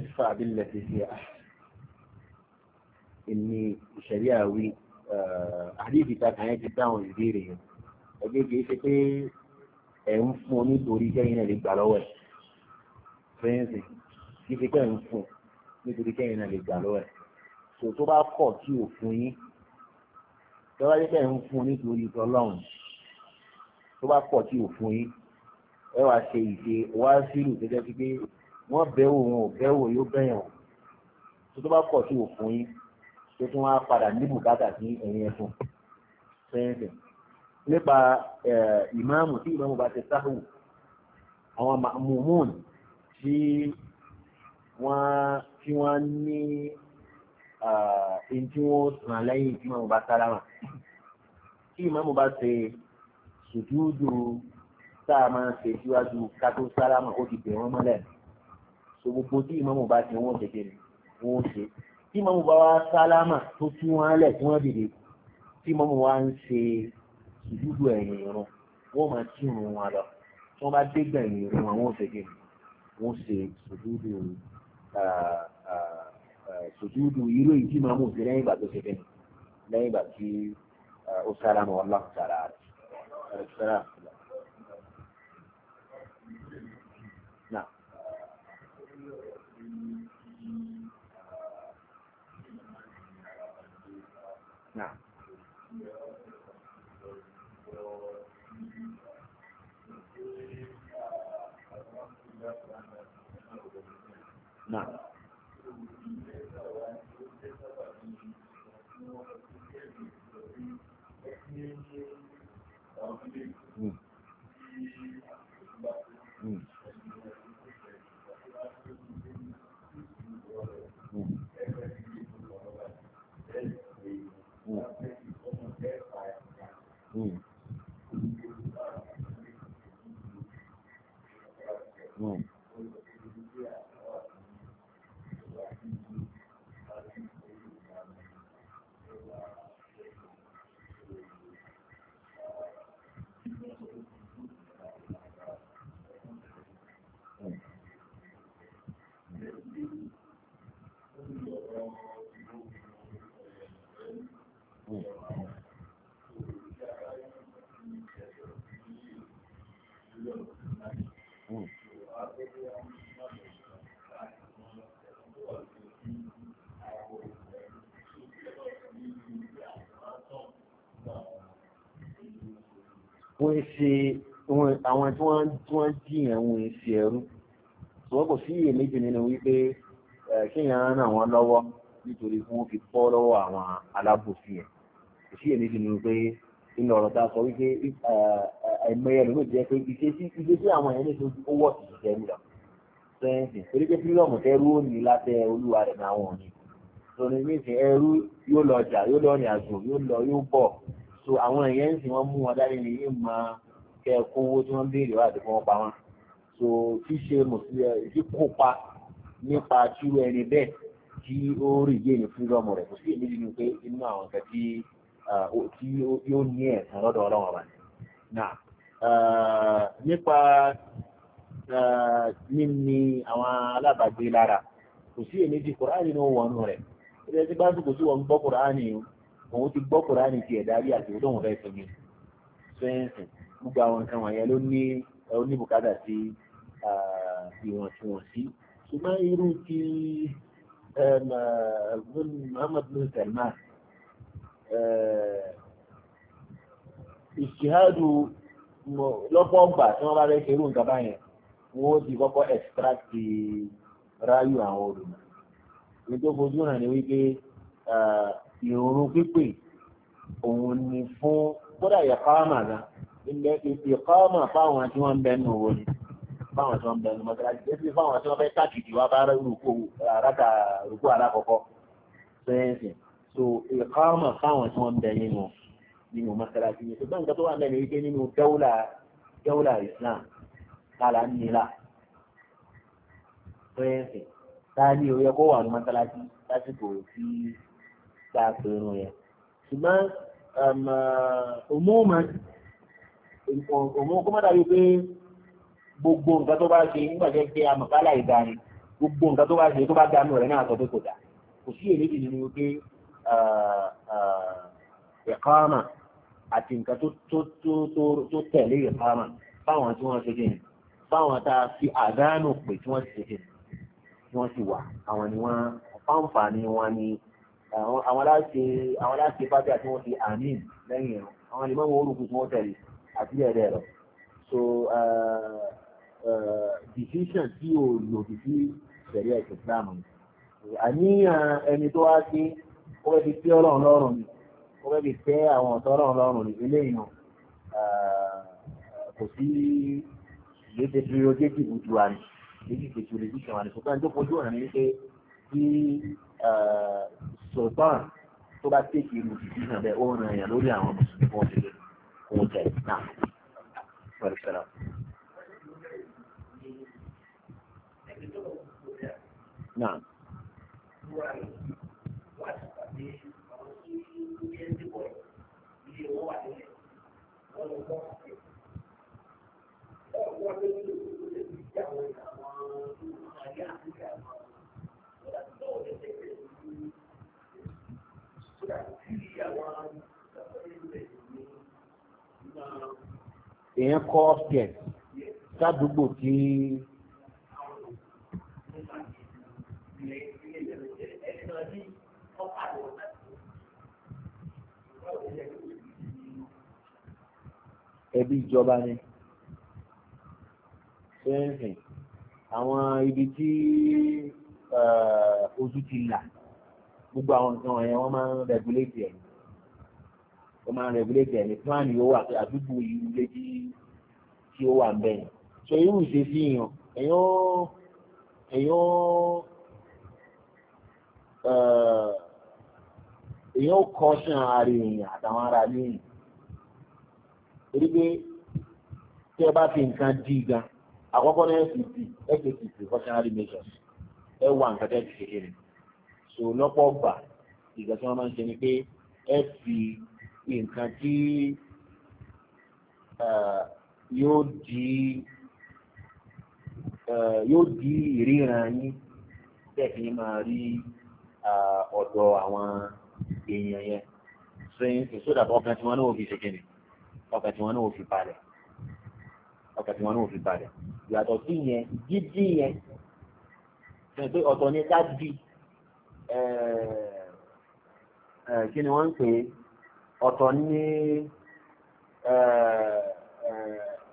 ìfà abilẹ̀ eh, ti fi àṣà ìní ìṣẹ̀rí àwí àdéhìí ìtajà yẹn ti dáhùn ìbéèrè yẹn ẹgbẹ́ kìí ṣe pé ẹ̀ e ń fún ọ nítorí kẹ́yìn náà lè gbà lọ́wọ́ ẹ̀ fẹ́ǹsì kìí ṣe pé ẹ̀ ń fún nítorí kẹ́yìn náà lè gbà lọ́wọ́ ẹ̀ tó tó bá kọ̀ tí ò fún yín tọ́wájú pé ẹ̀ ń fún nítorí tọ́lọ́run tó bá pọ̀ tí ò fún yín ẹ wàá ṣe ìṣe wáṣírù gẹ́gẹ́ bí pé wọ́n bẹ̀wò wọn ò bẹ̀wò yóò bẹ̀yàn tó tó bá pọ̀ tí ò fún yín tó tún wá padà ní bùkátà sí ẹ̀yìn ẹ̀fọn fẹ́ẹ̀fẹ̀ nípa ìmáàmù tí ìmáàmù bá ti sáhù àwọn mùmùn tí wọ́n tí wọ́n ní ẹni tí wọ́n sàn lẹ́yìn tí ìmáàmù bá sálámà tí ìmáàmù bá ṣe sùjúdù tá a máa ń ṣe síwájú kátó sálámà ó ti bẹ̀ wọ́n mọ́lẹ̀ so gbogbo tí ìmáàmù bá ti wọ́n ṣèké ni wọ́n ṣe tí ìmáàmù bá wá sálámà tó tú wọn lẹ̀ tí wọ́n dìde tí ìmáàmù wá ń ṣe sùjúdù ẹ̀yìn ìrun wọ́n máa tí ìrun wọn lọ tí wọ́n bá dé gbẹ̀yìn ìrun wọn wọ́n ṣèké ni wọ́n ṣe sùjúdù sùjúdù irú èyí tí ìmáàmù ṣe lẹ́yìn ìgbà tó ṣe bẹ́ẹ̀ lẹ́yìn ìgbà tí ó sálámà wọn lọ́kùnrin السلام نعم نعم نعم room. wọ́n ṣe àwọn tí wọ́n jìyàn wọ́n ṣe ẹrú ṣùgbọ́n kò sí iyèméjì nínú wípé kíyàn ràn wọ́n lọ́wọ́ nítorí fún fi bọ́ lọ́wọ́ àwọn alábòsí ẹ̀ kò sí iyèméjì nínú pé nínú ọ̀rọ̀ tá a sọ wípé ẹ̀mẹ́yẹ ló jẹ́ pé ìṣesí àwọn ẹ̀yẹ́ nítorí ó wọ̀ sí ìṣẹ́ nílọ sẹ́yìnsì torí pé fílọ̀mù tẹ́rú ò ní látẹ́ olúwa rẹ̀ náà wọ̀nyí tòun ní so àwọn èèyàn ń sìn wọ́n mú wọn dání ní ìmọ̀ kẹ́ẹ̀kún owó tí wọ́n béèrè wà àdìpọ̀ wọn pa wọn so ṣíṣe ìkópa eh, nípa tíru ẹni bẹ́ẹ̀ tí ó rí yé ní fúdọ́mù rẹ̀ kò sí èmi nínú pé inú àwọn nǹkan tí ah, tí ó ní ẹ̀sán lọ́dọ̀ ọlọ́run ọba náà ah, nípa ah, níní àwọn alábàgbé lára kò sí èmi di kùránì ní òwòrán rẹ̀ ilé ẹjẹ́ bá dùkú sí wọn gbọ́ kùránì yìí òun ti gbọ́ kùránì ti ẹ̀dá rí àti olóhùn rẹ̀ sinmi fẹ́ǹsì gbogbo àwọn nǹkan wọ̀nyẹn ló ní oníbùkátà sí ìwọ̀ntúnwọ̀nsí ṣùgbọ́n irú ti Muhammad bin Salman ìṣìhádù lọ́pọ̀ ọgbà tí wọ́n bá fẹ́ ṣerú nǹkan báyẹn wọ́n ti kọ́kọ́ extract ráyù àwọn olùmọ̀ ní tó fojú hàn ní wípé ìrun pípè òun ni fún kódà ìyàkáàmà rà ìyàkáàmà fáwọn tí wọ́n ń bẹnu owó ni fáwọn tí wọ́n ń bẹnu mọ́tàlá jẹ́ sí fáwọn tí wọ́n fẹ́ tàkìtì wá bá rúkú alákọ̀ọ́kọ́ sẹ́yìnsì so ìyàkáàmà fáwọn tí wọ́n ń bẹ nínú nínú mọ́tàlá sí ni ṣùgbọ́n nǹkan tá a pè irun yẹn ṣùgbọ́n um, òmùmọ̀ òmùmọ̀ kó má dàbí pé gbogbo nǹkan tó bá ṣe nígbà tó ń pé amọ̀kálà ìdáni gbogbo nǹkan tó bá ṣe tó bá dánú rẹ̀ náà sọ pé kò dà kò sí èrè ìdí nínú pé ìkáàmà uh, uh, àti nǹkan tó tẹ̀lé ìkáàmà báwọn tí wọ́n ṣe kí ni báwọn tá a fi àdánù pé tí wọ́n ṣe kí ni tí wọ́n ti wà àwọn ni wọ́n fáǹfààní wọn ni àwọn aláṣẹ àwọn aláṣẹ fàbí àti wọ́n ti àmín lẹ́yìn ẹ̀rọ àwọn lè mọ́mọ́ orúkú tí wọ́n tẹ̀lé àti ẹ̀rẹ́ rẹ̀ so uh, uh, decision tí o lòdì sí ṣẹ̀ríà Islam àníyàn ẹni tó wá sí ó fẹ́ fi tẹ́ ọlọ́run lọ́rùn ni ó fẹ́ fi tẹ́ àwọn ọ̀tọ́ ọlọ́run lọ́rùn ni eléyìí uh, kò sí ìgbésẹ̀ dúró déjì bùtù wa ni déjì bùtù lè dìkan wa ni Eh, sultan tó bá tèkì irú ìdí hàn bẹ́ẹ̀ ó ràn èèyàn lórí àwọn mùsùlùmí wọn ti não kó não náà pẹ̀lú sẹ́ra. Náà. èèyàn kọ́ ọ̀sẹ̀ sádùúgbò tí ẹbí ìjọba ni fẹ́ǹsìn àwọn ibi tí ojú ti là gbogbo àwọn nǹkan wọ̀nyẹn wọ́n máa ń rẹ̀gúlétì ẹ̀ ó máa ń regulate ẹ̀ ní plan yóò wà pé àdúgbò irú létí tí ó wà ń bẹ̀yìn so irú ìṣesí yàn èèyàn èèyàn èèyàn caution ara èèyàn àtàwọn ará lẹ́yìn torí pé tí ẹ bá fi nǹkan dí gan àkọ́kọ́ ní fct fct precautionary measures ẹ wà nǹkan tẹ́ ti so lọ́pọ̀ gbà ìgbà tí wọ́n máa ń ṣe ni pé ẹ fi nǹkan tí yóò di yóò di ìríran yín tẹ̀sí máa rí ọ̀dọ̀ àwọn èèyàn yẹn sẹ́yìn sódà ọkàn tí wọ́n náà fi ṣe kíni ọkàn tí wọ́n náà fi balẹ̀ ọkàn tí wọ́n náà fi balẹ̀ yàtọ̀ sí yẹn jíjí yẹn ṣe pé ọ̀tọ̀ ni ká di kí ni wọ́n ń pè é ọ̀tọ̀ ní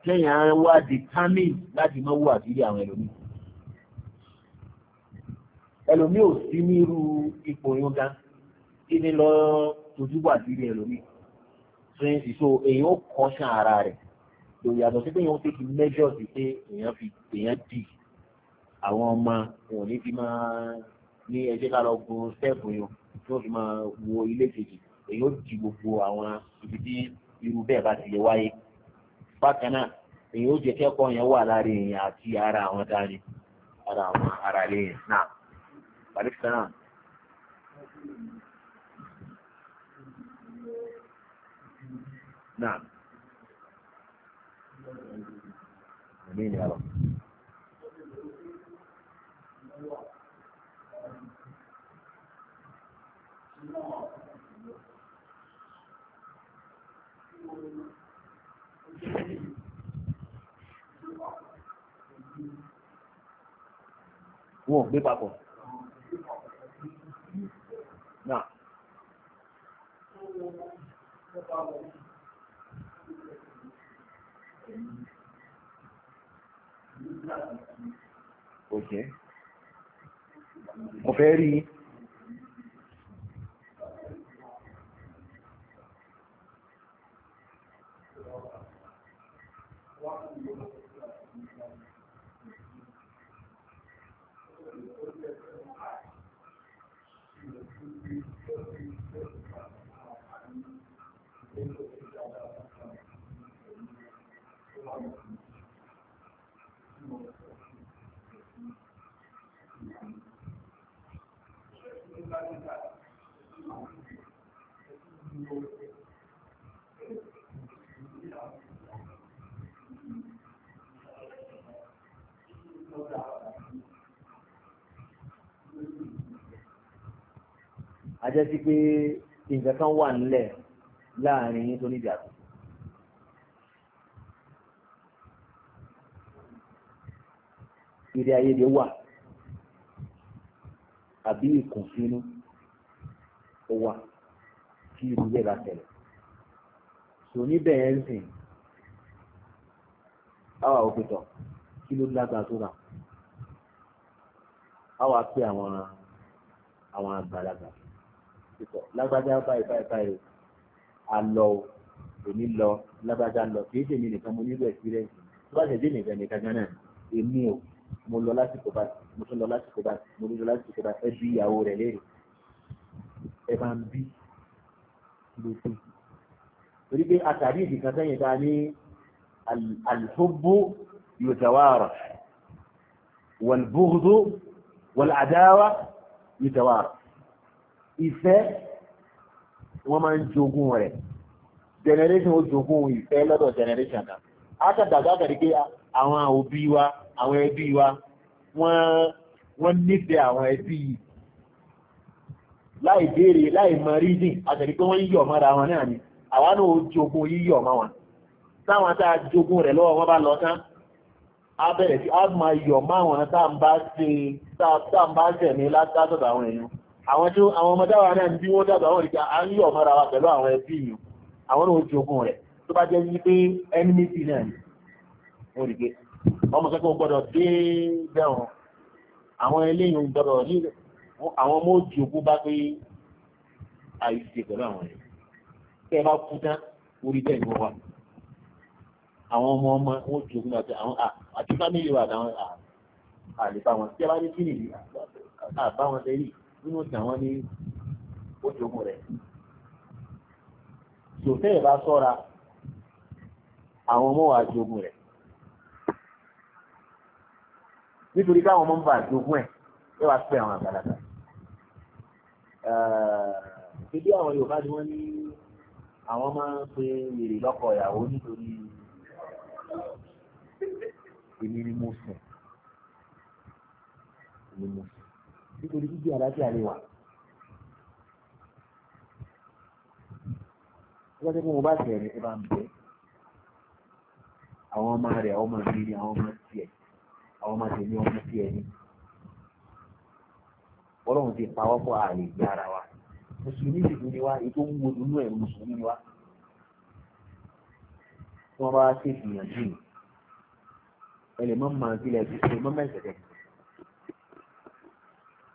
kéèyàn wá determine láti máa wú àdírí àwọn ẹlòmíì ẹlòmíì ò sí nírú ipò yóò gan kí ni lọ tójú wà àdírí ẹlòmíì fẹ́ǹsì so èèyàn ó kọ́ṣán ara rẹ̀ lórí àtọ̀ sí pé èèyàn ó tẹ́kì measures pé èèyàn fi èèyàn dì àwọn ọmọ wọn fi máa ní ẹjẹ́ ká lọ gun stẹ́ẹ̀pù yẹn tí wọ́n fi máa wo ilé kejì èyí ó di gbogbo àwọn ibi tí irú bẹ́ẹ̀ bá ti lè wáyé bákan náà èyí ó jẹ́ kẹ́kọ̀ọ́ yẹn wà lára èèyàn àti ara àwọn dání ara àwọn ara lẹ́yìn náà bàdìsítà náà. Naam. Amini ya Rabb. wọn gbé papọ̀. Okay. Ọ̀fẹ́ ajẹ́ sí pé nǹkan kan wà nílẹ̀ láàrin yín tó níbi àtò. Ìdí ayédè wà àbí ìkùnsínú ó wà kí irú yẹ́ bá tẹ̀lẹ̀. Sò níbẹ̀ yẹn ń sìn, àwa òkè tọ̀ kí ló lágbàá tó rà. Àwa pé àwọn àwọn àgbàlagbà pípọ̀ lágbájá báyìí báyìí báyìí àlọ́ òní lọ lágbájá lọ kì í ṣèmi nìkan mo nílò experience tó bá ṣẹ̀dí nìkan nìkan gan náà èmi ò mo lọ lásìkò báyìí mo tún lọ lásìkò báyìí mo tún lọ lásìkò báyìí ẹ bí ìyàwó rẹ̀ léèrè ẹ máa ń bí lóṣù torí pé àtàrí ìdìkan sẹ́yìn ta ní alhubbu yutawara wal bughdu wal adawa yutawara ìfẹ́ wọ́n máa ń jogún rẹ̀ generation ó jogún ìfẹ́ lọ́dọ̀ generation kan átàdàgbà kàrí pé àwọn òbí wa àwọn ẹbí wa wọ́n nífẹ̀ẹ́ àwọn ẹbí yìí láì béèrè láì mọ rídìn àtẹ̀rí pé wọ́n yíyọ̀ mọ́ra wọn náà ni àwọn náà ó jogún yíyọ̀ mọ́ wọn táwọn tá a jogún rẹ̀ lọ́wọ́ wọn bá lọ tán a bẹ̀rẹ̀ sí a máa yọ̀ mọ́ àwọn tá a ń bá ṣe tá a ń àwọn èèyàn àwọn tí àwọn ọmọ dáwà náà bí wọ́n dàgbà wọ́n ríta a ń yọ̀ mọ́ra wa pẹ̀lú àwọn ẹbí yìí àwọn náà jogun rẹ̀ tó bá jẹ́ wípé enmity náà ni wọ́n rí pé ọmọ kẹ́kọ̀ọ́ gbọ́dọ̀ dé bẹ́rùn àwọn eléyìn gbọ́dọ̀ ní àwọn ọmọ jogun bá pé àìsè pẹ̀lú àwọn ẹ̀ tẹ́ ẹ bá kú tán orí tẹ́ ìwọ wa àwọn ọmọ ọmọ wọn jogun àti àwọn àti fámìlì wa àtàwọn àlè bá wọn tí a bá ní kí nìyí àbá wọn nínú ìtàn wọn ní oṣù ogun rẹ̀ sòtẹ́ ìbá sọ́ra àwọn ọmọ wa jogun rẹ̀ nítorí káwọn ọmọ ń bá jogun ẹ̀ ẹ wá pé àwọn àgbàlagbà ṣébí àwọn Yorùbá ni wọ́n ní àwọn máa ń pe wèrè lọ́kọ ìyàwó nítorí èmi ni mo sùn èmi mo sùn nítorí jíjẹ àlàáfíà lè wà. wọ́n tẹ́ fún mo bá tẹ̀ ẹ̀rẹ́ ẹ bá ń bẹ́ àwọn ọmọ rẹ̀ ọmọ mi ni àwọn ọmọ tiẹ̀ àwọn ọmọ tèmi ọmọ tiẹ̀ ni ọlọ́run ti pa wọ́pọ̀ àlè gbé ara wa mùsùlùmí sì tún ni wá èyí tó ń wo inú ẹ̀ mùsùlùmí ni wá tí wọ́n bá ṣègbìyànjú ẹ lè mọ́ mọ́ sílẹ̀ ẹ lè mọ́ mẹ́sẹ̀ẹ́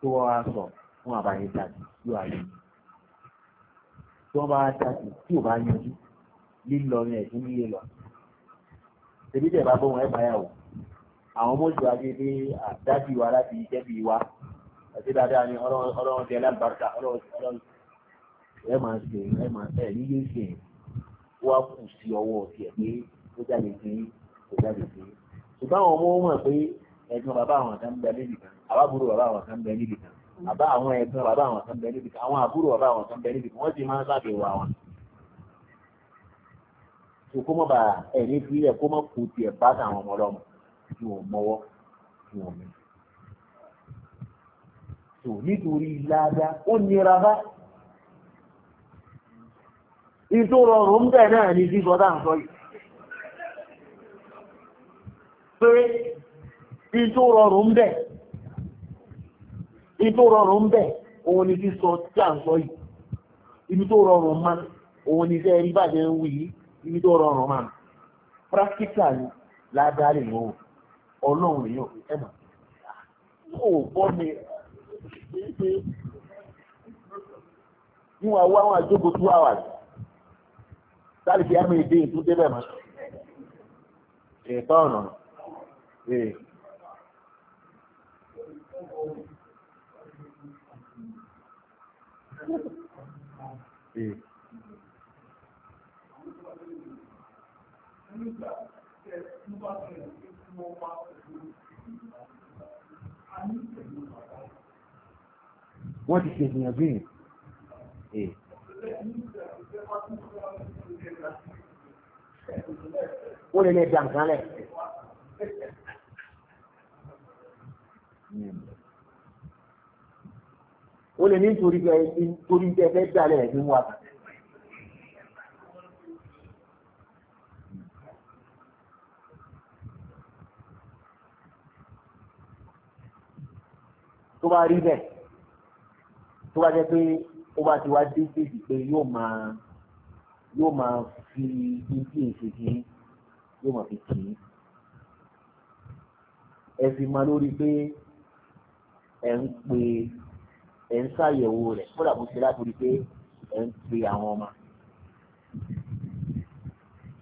tó wọ́n wá sọ fún àbáyé tàbí tí ó ayé tí wọ́n bá wá tàbí tí ò bá yanjú lílọ ní ẹ̀sìn níye lọ tèmi tẹ̀ bá bóun ẹ̀ báyàwó àwọn ọmọ ìjọba dé dé àdájú wa láti iṣẹ́ bíi wa àti dáadáa ni ọlọ́run ti alábàárà ọlọ́run ẹ máa ṣe ẹ máa ṣe ní yé ṣe wá kù sí ọwọ́ tiẹ̀ pé ó jáde sí kò jáde sí ṣùgbọ́n àwọn ọmọ wọn mọ̀ pé ẹ̀gbọ́n bàbá àwọn kan bẹ níbi kan àbábúrò bàbá àwọn kan bẹ níbi kan àbá àwọn ẹ̀gbọ́n bàbá kan bẹ níbi kan àwọn àbúrò bàbá kan bẹ níbi kan wọ́n ti máa ń ṣàbẹ̀wò àwọn. tó kó mọ̀ bá ẹ̀mí sílẹ̀ kó mọ̀ kú tiẹ̀ bá tàwọn ọmọ ọlọ́mọ tí wọ́n mọ́wọ́ tí wọ́n mú. tó nítorí ìtò rọrùn ń bẹ̀ náà ní sísọ dáńsọ yìí. pé ìtò rọrùn ń bẹ̀ ìtò rọrùn ń bẹ̀ òun ni sísọ tí à ń sọ yìí ibi tó rọrùn ma òun ni sẹ́ẹ̀rí bàjẹ́ ń wí ibi tó rọrùn ma practically ládàárì ló ọlọ́run èèyàn ẹ̀ mà ó bọ́ mi pé níwọ̀n àwọn àwọn àjókòó two hours láti fi àmì èdè ètò débẹ̀ mọ́ ẹ̀ẹ́dọ́ ọ̀nà ẹ̀ẹ́. Eh. wọ́n ti ṣe ìgbìyànjú yìí. ó lè lè dàǹkan lẹ̀ ó lè ní nítorí pé ẹni torí pé ẹgbẹ́ dálẹ̀ ẹ̀ ní wà. tó bá rí bẹ́ẹ̀ tó bá jẹ́ pé ó bá ti wá dé stage pé yóò máa yóò máa fi ibi èsì kì í yóò máa fi kì í ẹ fi máa lórí pé ẹ ń pe ẹ̀ ń ṣàyẹ̀wò rẹ̀ kódà bó ṣe láti rí pé ẹ̀ ń pe àwọn ọmọ.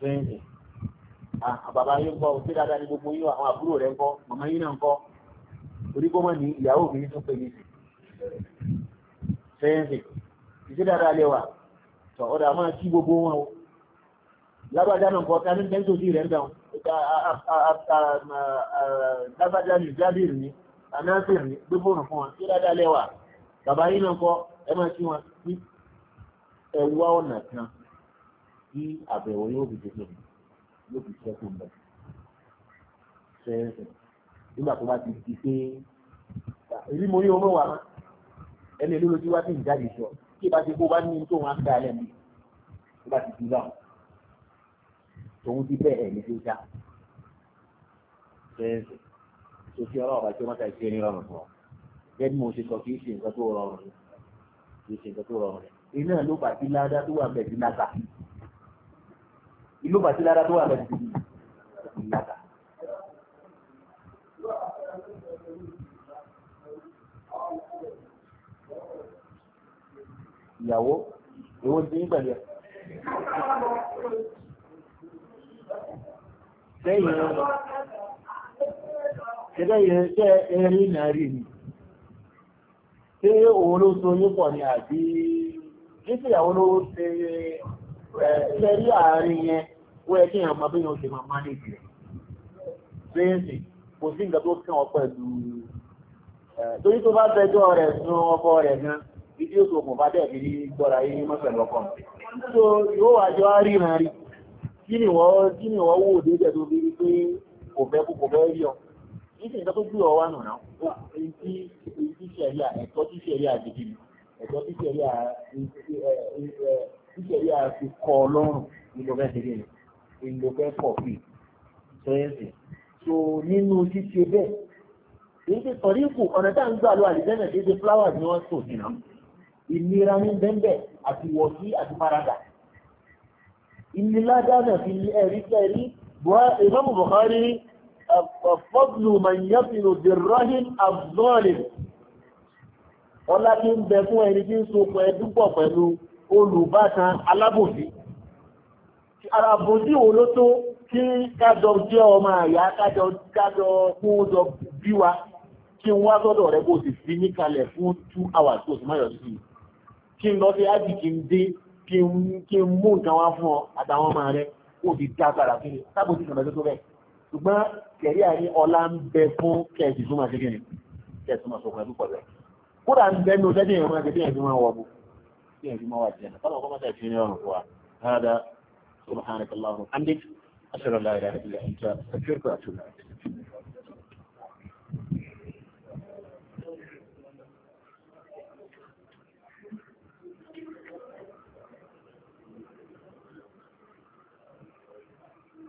bẹ́ẹ̀ni àbàbá yín kọ́ ṣé dáadáa ni gbogbo yín àwọn àbúrò rẹ̀ ń kọ́ màmá yín náà ń kọ́ torí kó mọ̀ ní ìyàwó mi tó pe mi sí. bẹ́ẹ̀ni ṣe dáadáa lẹ́wà tọ̀ ọ̀dà máa kí gbogbo wọn o lágbàjá náà kọ́ tani tẹ́ńtò sí rẹ̀ ń dáhùn lágbàjá ni jábìrì ni anásìrì ni gbé fóònù fún wọn ṣe dáadáa lẹ́wà bàbá yìí náà kọ́ ẹ máa kí wọn sí ẹwà ọ̀nà kan tí àbẹ̀wò yóò fi tètè yóò fi ṣẹ́kù ń bẹ̀. ṣẹ́ẹ̀ṣẹ̀ nígbà tó bá ti di pé èyí mo rí owó wà má ẹni ìlú lójú wá sí ìjáde sọ kí ìbá ti kó bá ní tó wọn á dá lẹ́nu tó bá ti di báwọn tòun ti bẹ́ẹ̀ ní tó já ṣẹ́ẹ̀ṣẹ̀ tó fi ọlọ́ọ̀bá tí wọ́n ta ìṣe ní rọrùn fún ọ gẹ́gẹ́ mo ṣe sọ kì í ṣe nǹkan tó rọrùn rẹ̀ kì í ṣe nǹkan tó rọrùn rẹ̀ iná ló bà tí ládá tó wà bẹ̀rẹ̀ lága ìlú bà tí ládá tó wà bẹ̀rẹ̀ lága. ìyàwó èwo ti ń pẹ̀lú ẹ̀. sẹ́yìn ẹ̀rọ sẹ́yìn ẹ̀rọ ìnárí ni ṣé òun ló so yín pọ̀ ní àbí nípa ìyàwó ló ṣe ṣe rí àárín yẹn ó yẹ kí èèyàn máa bẹ́yàn ṣe máa manage rẹ̀ bẹ́ẹ̀sì kò sí nǹkan tó kàn ọ́ pẹ̀lú torí tó bá bẹjọ́ rẹ̀ sun ọkọ rẹ̀ gan ìdí òkú kò bá dẹ̀ fi gbọ́ra yín ní mọ́sẹ̀ lọ́kọ̀ so yóò wá jọ ríran rí kí ni wọ́n wò dé jẹ́ tó fi rí pé kò fẹ́ kò fẹ́ rí ọ níṣẹ́ ìjọ tó gbé ọ wá nàná èyí tí ṣẹ̀rí ẹ̀tọ́ tí ṣẹ̀rí àgbègbè ẹ̀tọ́ tí ṣẹ̀rí ṣíṣẹ̀rí àti kọ ọlọ́run nílò fẹ́ ṣeré ni nílò fẹ́ pọ̀ sí sẹ́yẹ̀nsì so nínú ṣíṣe bẹ́ẹ̀ èyí ti sọ̀rí ìkù ọ̀nà tá à ń gbà lọ àlìjẹ́nà tí ṣe flowers ni wọ́n tò sí náà ìnira ní bẹ́ẹ̀ àti wọ̀sí àti farada ìnira dáná fi ẹ̀rí kẹ́rí bọ́ ìmọ̀mù Buhari fọ́dùlù man yẹ́fìlò dìrọ́hìn abdọ́lì ọlá tí ń bẹ fún ẹni tí ń sopọ̀ ẹdúpọ̀ pẹ̀lú olùbátan alábòsí àbòsí wo ló tó kí kájọ jẹ́ ọmọ àyà kájọ kájọ fún ọjọ́ bí wa kí n wá sọ́dọ̀ rẹ kó sì fi ní kalẹ̀ fún two hours tó sì máyọ̀ sí kí n lọ sí ájì kí n dé kí n mú nǹkan wá fún ọ àtàwọn ọmọ rẹ kó sì dá sára sí i sábòsí kan tó bẹ́ẹ̀ ṣùgbọ́n kẹ̀rí àrí ọlá ń bẹ fún kẹ̀sì súnmọ̀ sí gẹ̀rẹ̀ kẹ̀sì máa sọkùn ẹ̀dùn pọ̀lẹ̀ kódà ń bẹ́nu dẹ́dẹ̀ ìrún àti bíyànjú máa wọ bú bíyànjú máa wà jẹ́ ọlọ́ ọkọ̀ mọ́ta ìfìyàn ọ̀rùn fún wa hada subhanaka allahumma andik ashhadu